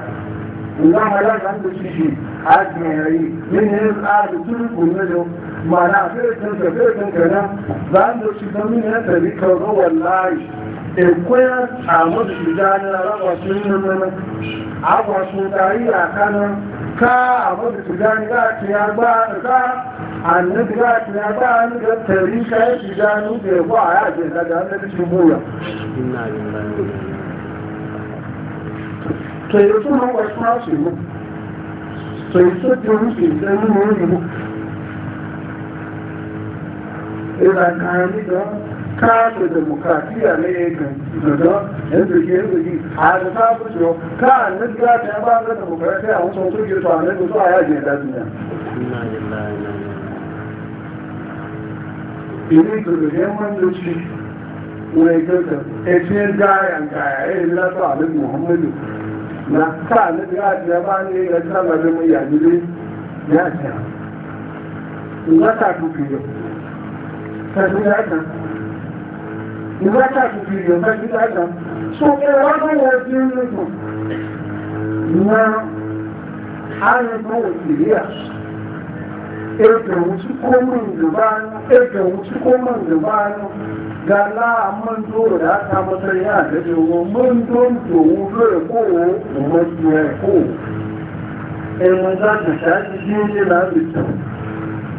Speaker 1: ndị ìgbà alága ń gbèsè ṣe àgbẹ̀rẹ̀ nínú àdùtúrùkù mẹ́lò màrà fẹ́ẹ̀tún fẹ́ẹ̀tún kẹ̀rẹ́ bá ń gbèsè tó mí ní ẹ̀tẹ̀rí kọ̀ọ̀rọ̀ wà láàyè èkóyà àmọ́dù ìdáná aláwàṣú nínú mẹ́rin àwàṣú darí àkáná ká àmọ́dù ìdáná láti agbá ká àníbi ká ìdáná ìgbẹ̀wọ̀ to yi rufin hankwa su na su yi to yi sotu yi su yi sanu ne yi mu ila kani da kasa demokratiya ne ya ga gado yanzu ke yanzu yi a da sabu su yau ka na gida ta yaba ga demokratiya wasu wasu ke to a na gusu a yaji ya dazu ya ile to da yawan da shi wani kanka etiyar gaya gaya ya yi lafa a duk muhammadu na sáà níbi láti ẹ bá ní ẹjọ́ lọ́dún mú ìyà nílé ní àṣà ìwọ́ta kùkìyọ̀ pẹ̀lú láìka ìwọ́ta kùkìyọ̀ pẹ̀lú láìka so ẹwọ́n tó wọ́n ti ń nìkan na àrùn tó wọ́n sì rí àṣà ẹgbẹ̀rún tí kó mọ̀ ìlúbánu ẹgbẹ̀rún tí kó mọ̀ ìlúbánu gàlá mọ́ndó rẹ̀ àtàmọ́tẹ́ yá àgbẹ̀dẹ̀ wọn mọ́ndó ń dòwú lórí kó wọ́n mọ́ ju ẹ̀ kó ẹ̀wọ̀n dájú ṣáájú sí ilé láti tàn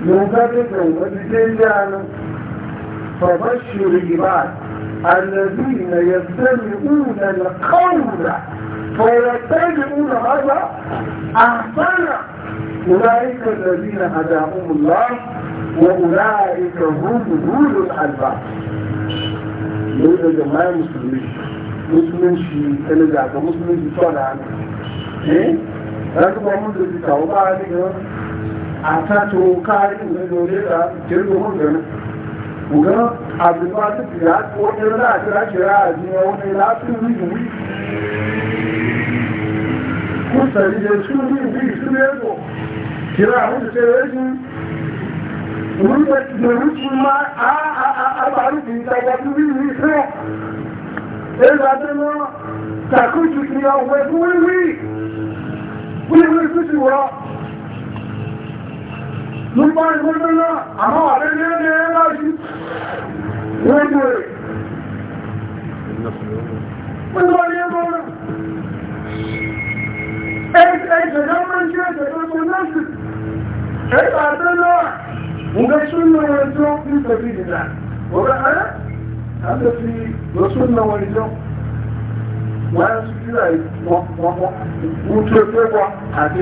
Speaker 1: lóun gbàgbẹ̀gbẹ̀ wọn ti dé ilé àná bàbá ṣòro الذين يستمعون القول فيتبعون هذا أحسن أولئك الذين هداهم الله وأولئك هم أولو الألباب لولا جماعة مسلمين مسلمين شيء انا جاءت مسلمين شيء صار عنه إيه؟ لكن محمد الذي تعوض عليه أعطاته كاري من دولة تلقهم جنة Bugan àgbẹ̀fà ti pìlá wọ́n yẹ láti láṣẹ̀rá àjíyàn wọ́n yẹ láti rí ìwé. Kú sẹ̀rí yẹ sú ní ìwé ìsúlé ẹ̀kọ́. Kìrá àwọn ti ṣeré sí. Orí ẹ̀ ti lè rí fún máa àbárù bí ìtajà tó rí ìwé ìfẹ́. Ẹ̀rọ adẹ́mọ́ tàkùjù kìí ọ̀wẹ́ fún wíwí. Wíwí fún ti wọ́ nípa ìgbógbó náà àwọn ọ̀rẹ́ ní ẹni ẹ láti wọ́gbọ̀ rẹ̀ nípa ìyẹ́gbọ́ rẹ̀ ẹgbẹ̀rẹ̀ mọ́ sí ẹgbẹ̀rẹ̀ tó lọ́sì ẹgbà tó lọ́wà nígbẹ́ súnmọ̀ wọn tó ń tẹ̀bí nìlá ọ̀rẹ́ ẹ́ àtẹ́fì lọ́sùnmọ̀ wọn ìjọ wọ́n á sí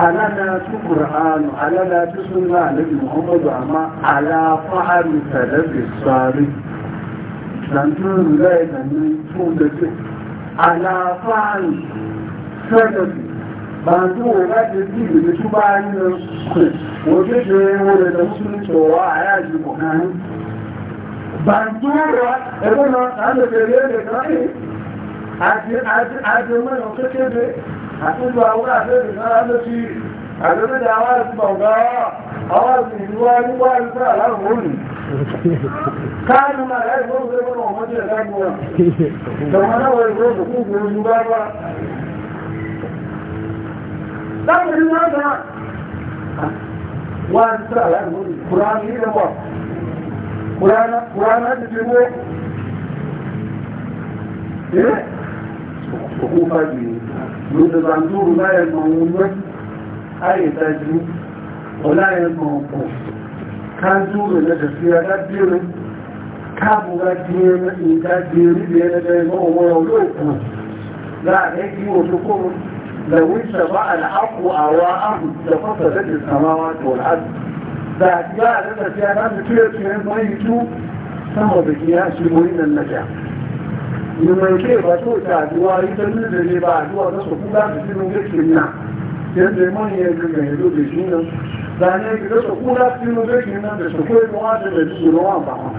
Speaker 1: alana su ƙur'anu alana su suna alaihi muhammadu amma ala fa'ari salafi tsari zantunan da ya zanni tun da ce ala fa'ari salafi ba su wura da ji e da su bayan nan wajen da ya wura da musulun cewa a yaji bukani ba su wura ebe na ɗan da fere da ƙari a ji mana kake da àtúntò àwọn àtẹ́sì náà lọ́sí àgbẹ̀mẹ́ta àwọn àrùsùpọ̀ ọ̀gá àwọn àrùsùpọ̀ nípa àrùsùpọ̀ aláwọ̀ òní káàdù máa rẹ̀ ìgbóhùn tó gbọ́nà ọmọdé ẹ̀dá gbọ́nà tọ̀wọ́n náà wọ́n ìgbóhùn tó kúrò ní bá wá láti ní wọ́n náà wọ́n àrùsùpọ̀ aláwọ̀ òní kùránì ilẹ̀ wọ̀ kùránì ti ti òkúfà yìí lóòdòdàndúrù láyẹ̀mọ̀ ohun mẹ́ ayẹ̀tẹ́jú ọláyẹ̀mọ̀ ọ̀pọ̀ káàdúrù lẹ́tẹ̀ sí adájúrù káàbùrá díẹ̀rẹ̀ ìdájúrù da ya da tafiya na mutu ya ce mai yi tu sama da kiyashi mai nan na ja ìmọ̀ ìké ìbájú òta àdúwà ìtẹ́ nílùú lè bá àdúwà lọ́sọ̀ fún láti sínú lẹ́kẹ̀ náà tẹ́lẹ̀ mọ́ ìyẹn gbẹ̀rẹ̀ ló lè sí náà láàrin ẹgbẹ̀ lọ́sọ̀ fún láti sínú lẹ́kẹ̀ náà lè sọ̀kọ́ ẹ̀mọ́ wá tẹ́lẹ̀ sí ìrọ̀ wà bá wọn.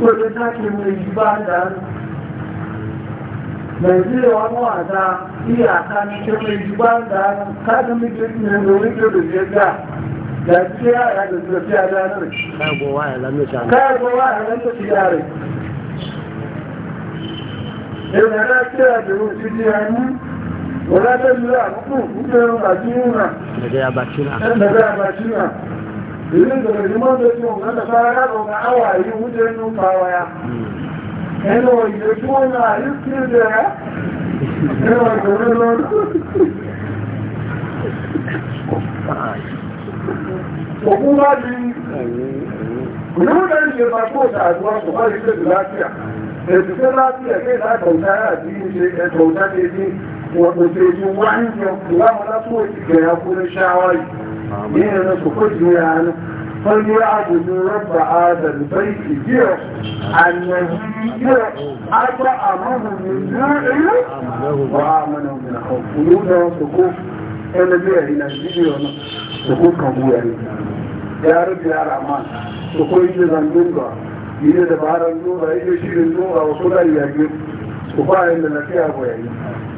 Speaker 1: lóòótọ́ káàkiri mo èyí bá ń dá nàìjíríà wọn mú àdá iye àká ní kí mo èyí bá ń dá káàkiri mi jẹ́ ìrìn orí tó lè jẹ́ gbà Gàdúrà yàtọ̀ sí ọ̀sẹ̀ àdáná rẹ̀. Káàbọ̀ wá àyàlá mẹ́ta. Káàbọ̀ wá àyàlá mẹ́ta ìrìnàrá tí àdìrò sí ti a ní ọ̀làdẹ́lú àkókò nítorún àjíúnà ẹgbẹ́ àbàtírà ìlú ìdọ̀rẹ̀ ìmọ́ tó ti wọ́n lọ́ta fara lábọ̀gá àwà ìlú wújẹ́ inú pàwà ya ẹnu ìlú tí wọ́n náà rí sí ìdẹ̀ rẹ̀
Speaker 2: ẹnu ìdọ̀rẹ̀ lọ́nà òkú
Speaker 1: wá di ìlú ìdọ̀rẹ̀ ìjọba kó ètùtù láti ẹ̀kẹ́ ìdájọ̀ta àti ìṣe ẹ̀jọ̀ta kejì wọ́n tó ṣe ju wáyé láwọn látún òṣìṣẹ́ ọkùnrin ṣáwáyì ní ẹ̀rọ sòkó ìgbéra ní فليعبدوا رب هذا البيت جير أنه أطعمهم من جوع إيه؟ وآمنهم من خوف قلوبنا وسقوف أنا بيها هنا جيرنا سقوف كبوة يا رب يا رحمن سقوف جزان جنبا gida da baharar nuna ido shirin nuna wasu rai ya su bayan da lafiya goyayi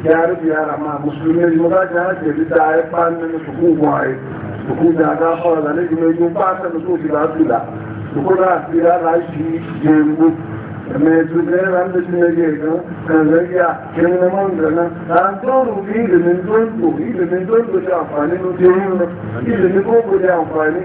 Speaker 1: ya rufe yara ma musulmi ne za ta hake bi da ya ba nan su ku goye su ku da ga fara da ne mai yin ba ta su da su da su ku da su da ra shi jengu me su ne ran da shi ne ga kan zariya kin ne mun da nan dan to rubi da min don to da min don to da amfani no da ne da ko da amfani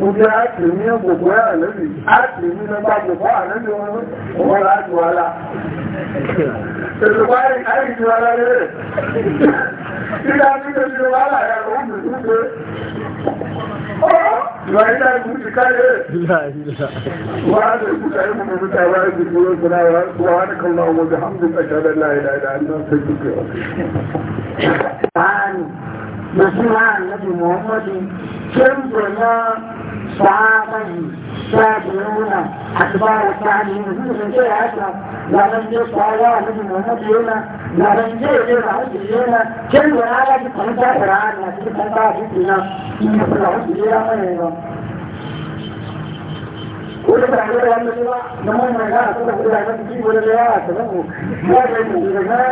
Speaker 1: Oúnjẹ láti ní gbogbo ẹ̀rọ lórí, láti ní lọ́gbà gbogbo àlẹ́lẹ́ wọn, wọ́n láti wà láà. Èdè wá rí káyìí ti wá lálẹ́ rẹ̀. Nígbà tí ó ti wá láàrẹ̀ òun lè tún pé, ìwà ilẹ̀ ìgbùn ti káyìí rẹ̀. Wọ́n á lè kúta ìgbùn mi ta wá ìgbùn mi
Speaker 2: da shi ma annabi muhammadu kin gona
Speaker 1: sahabai sabiruna akbar tani ne ne ce ya ta da nan sawa annabi muhammadu yana da nan je da haji yana kin gona ya ta kanta da ran na ta kanta shi ne ne da haji yana ne ba ولا تعمل لها المشروع نمونا لا تروح ولا تجيب ولا لا تمام لا تجيب ما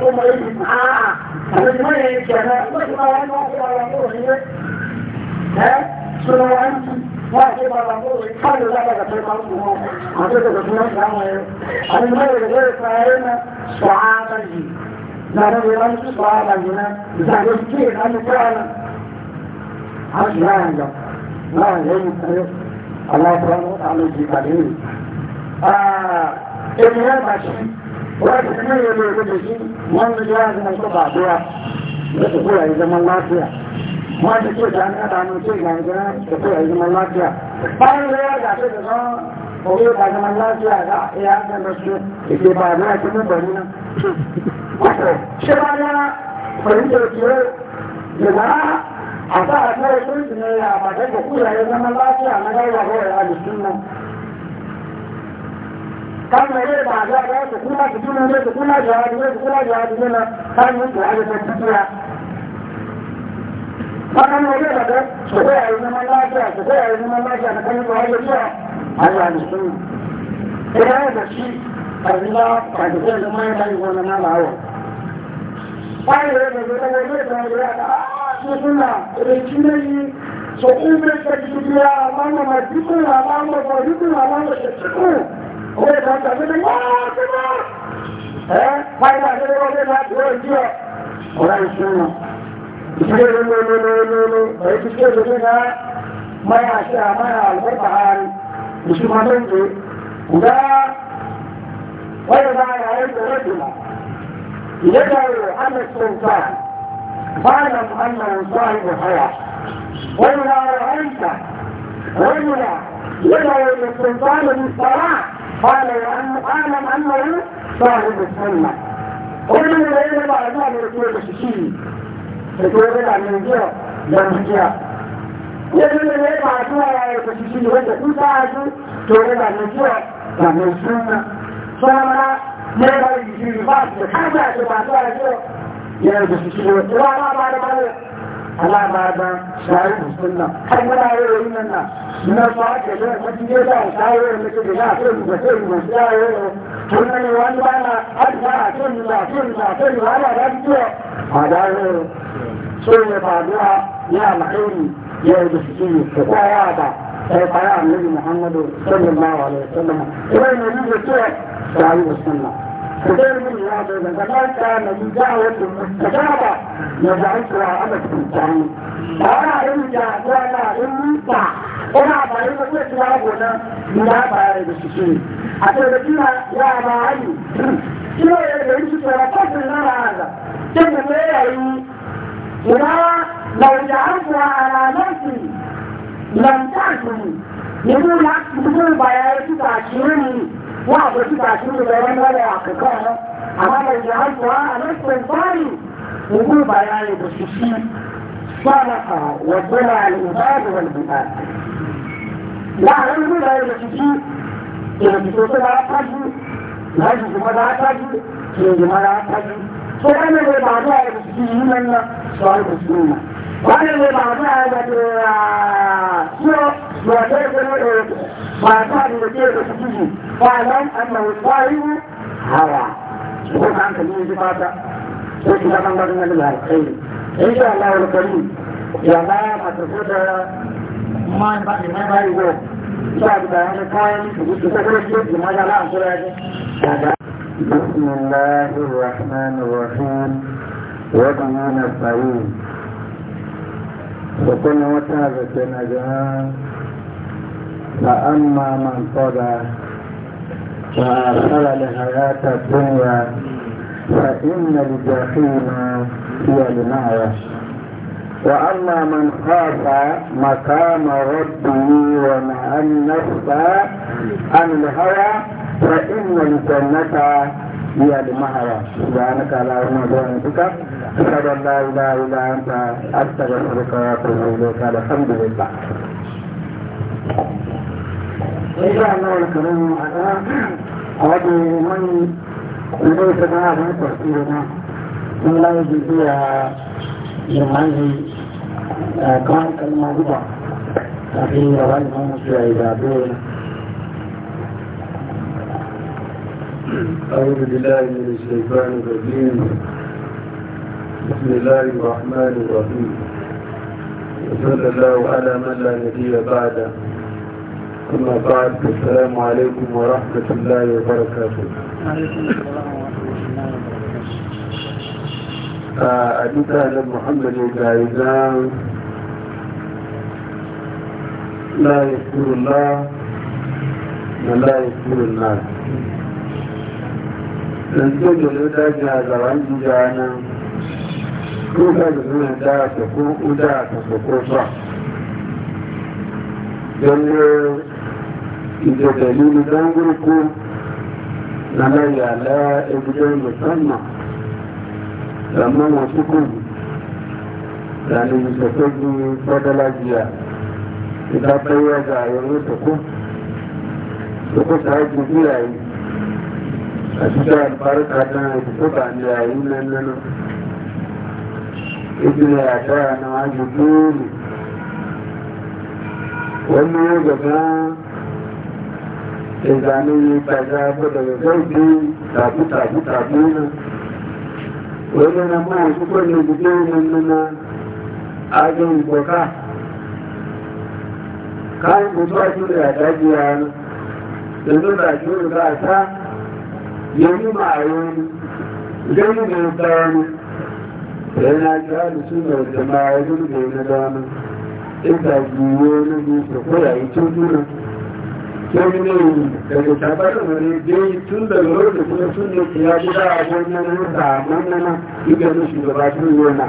Speaker 1: ثم يجي معاه هذا ما يجي أنا ما ما ما ها شنو أنت ما كيف ما بقول قالوا لا لا في الموضوع هذا ده شنو أنا ما يقدر يفهم صعابة دي لا لا لا صعابة هنا إذا كنت أنا كان عشان لا لا لا aláìsàn àlejò ìpàdéyìn. ènìyàn bá ṣí wọ́n ti ní ìrẹ̀lẹ̀ ìrẹ̀lẹ̀ sí wọ́n ní yára ní ọjọ́ bá àdúrà lọ́sọ̀kú rẹ̀ zaman lafiya. wọ́n ti tó ìdáná àtàwọn tó ìgbàgbọ́n lọ́sọ̀kú rẹ̀ zaman lafiya. báyìí lọ́wọ́ ìdàtọ̀ ìdàtọ̀ orí ìgbà zaman lafiya rà a sa a kare sulhu ne a matar da kula ya zama lafiya na garwa kawai a jikin nan kan mai rai ba za a su kuma su tuna ne su kuma jihadi ne su kuma jihadi ne na kan yin jihadi ta tafiya hakan mai rai ba ga su kai a yi zaman lafiya su kai a yi zaman lafiya na kan yin jihadi ta a yi a jikin nan ina da shi
Speaker 2: kabila a jikin da mai rai wani na lawa.
Speaker 1: Bayan da ya zai zai zai zai zai zai suna rikina yi so ume ka jibiya mana ma dukkan alama ba dukkan alama ta ko ya ta tafi da wata eh bai da da wata da ko jiya Quran sunna Ikiye ne ne ne ne ne bai kike da ne mai asha mai albarka har musulmanin ne guda wanda ba ya da rajula yadda Ahmed Sultan فاعلم أنه صاحب حياة وإلا رأيت رجلا يدعو للسلطان بالصلاة قال أعلم أنه صاحب السنة ومن الذين بعدها من كل شيء يقول لك من جهة من جهة يقول لك بعدها يا تشيشي وانت كنت عاجل تقول لك من جهة
Speaker 2: من السنة
Speaker 1: ثم يقول لك بعدها يا تشيشي بعدها يا تشيشي yana da su shigo wata ba ba ba ba Allah ba ba shari'a musulman har muna yayin nan na na ba da wani ne da shari'a ne ke da na sai mu sai mu shari'a tun ne wani ba na har ba a kan da tun da tun ba na da ku a da so ne ba da ya alheri yau da su ko ya da sai fara annabi Muhammadu sallallahu alaihi wasallam idan ne ne ce shari'a musulman da zama ta da zuwa wata mutane ya za a yi da wana in mutu ina ba yi da kuma tuwa gona ina ba yi da su su a ce da kina ya ba yi kina ya da yi su tsara kwasu na ra'aza kin da ne ya yi ina na wuce an a ranar su lantarki ne ne ku ya ta shirin ne واحد وشيت عشرين بيان ولا يعقبها أما اللي جعلتها أنا استنطاري وجوبها يعني بالشيشين صالحة وزرع الإنسان والبناء لا أنا أقول هاي بالشيشين إذا بتوصل على تاجي لا يجوز ما لا تاجي يجوز ما لا تاجي فأنا اللي بعدها بالشيشين لنا صالح بالشيشين wọ́n lè bàbá àgbàdo àṣọ lọ́dọ̀ ìgbẹ́lẹ́ bàbá àgbàdo ètò jù wàlám àmàlùfáàríwú àwà ó máa ń kàlí ojú pátá
Speaker 2: ó ti dáná gbádùn náà nígbà ẹ̀yìn
Speaker 1: èyí tó àlá ọ̀rọ̀ pẹ̀lú yàrá àtàkó dára máa ń bá ìmọ̀ bá ìwọ̀ tó àgbà ẹni káyọ̀ ìṣòro tó kọ́kọ́ tó ti máa yàrá àkúrẹ́ ẹni.
Speaker 2: بسم الله الرحمن الرحيم وبه نستعين da kuma wata
Speaker 1: فأما من قضى وآخر الحياة الدنيا فإن الجحيم هي المأوى وأما من خاف مقام ربه ومع النفس عن الهوى فإن الجنة iya da mahara da an kala wani zuwa ne duka suka da lai lai lai an ta asta ga suruka ya kuma yi loka da san da yadda
Speaker 2: ya na wani karin mahara a wajen mani kuma ita ga abin sarki da na sun lai jirgi a jirmanzi a kawai kalmar zuba kafin yawan mamaki a yi zabe أعوذ بالله من الشيطان الرجيم بسم الله الرحمن الرحيم وصلى الله على من لا نبي بعده أما بعد السلام عليكم ورحمة الله وبركاته وعليكم السلام ورحمة الله وبركاته
Speaker 1: آه، أدوك أهلا محمد وجايزان لا يذكر الله ولا يذكر الناس
Speaker 2: nke jolota ji azara njije anya kuka zuwa da ko uda tafi kofa
Speaker 1: don ne ita dalili don gurku na mai ala ebudan musamman sannan wasu kuma da ne yi tafi fadala biya ita bayyana a yanzu tafi tafi ta haifin iyaye àtijọ́ àbárúkà náà tó bá ní àyè lẹ́lẹ́lọ́ ìdílé àdára náà á ju lóòrùn wọ́n
Speaker 2: ní ó gbọ̀ngàn ìgbàanú yìí gbàgbà gbọ́dọ̀ gbọ́dọ̀ ìdí tàbí tàbí tàbí
Speaker 1: náà wọ́n ní ọmọ àkókò ní ìdílé nínú náà ájọ ìgbọ̀ká káyìn gbogbo àjúlẹ̀ àdájú ara nínú àjúlẹ̀ bá a yanzu ba wani gani da dama yana jihar suna da ma'aikun da na dama ita biyo na nisa kwayayi tun nuna kyau ne daga tabar wani dai tun da lura da kuma tun da ya guda a wannan rusa mannana iganin shugabatun yana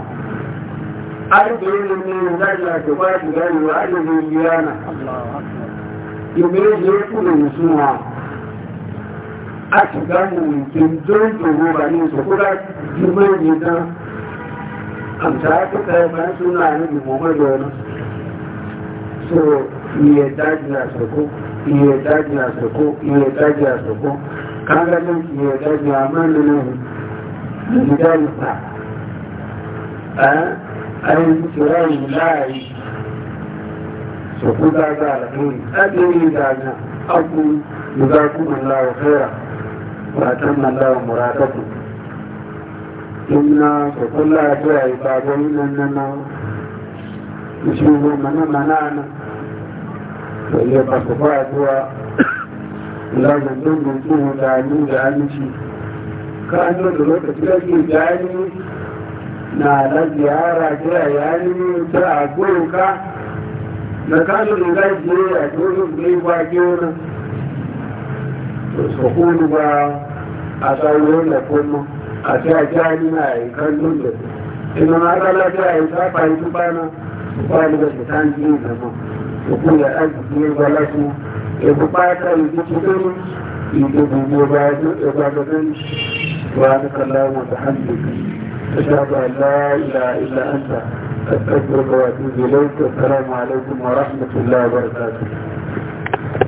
Speaker 1: arzikin ne zai na gaba da ganewa arzikin yana yi ya zai kuna suna? àti ìdánwò ìjọ́jọ́wò bà ní ìṣòkúrá ní mẹ́rin ìdán àmìsára tó kẹrẹ bá ń tún láàrin ìmọ̀ mọ́jọ ọ̀nà so iye dájì àṣẹ̀kó iye dájì àṣẹ̀kó iye dájì àṣẹ̀kó kángálẹ̀ iye dájì àmọ́lẹ́lẹ́rin ìdánìpa ẹ̀yìn ìṣòro láàrin ṣòkúrá dáadáa lórí ẹgbẹ̀rẹ̀ ìdájì àkú ìdákùnrin láàrin fẹ́ràn fatan mallawar ka inna ko kulla ya tura yi babu nan nan nan shi ne mana mana na to ya ba ku ba zuwa lagun dungun tuhu da hannun da hannunci ka an zo da lokaci da ke gani na na ziyara kira ya ni ta a kuruka na kasu da gaji ya ke zo da ke wajen sukulu ba a sauran da kuma a ta jani na yi kallon da ina ma ta lafiya yi ta fahimci bana ba ni da shitan ji da ma sukulu da arziki ya zala su ya bukata yi ji cikin yi da dubu ba ya zo ya ba da zan ba da kallon wata hannu أشهد أن لا إله
Speaker 2: إلا أنت أستغفرك وأتوب إليك والسلام عليكم ورحمة الله وبركاته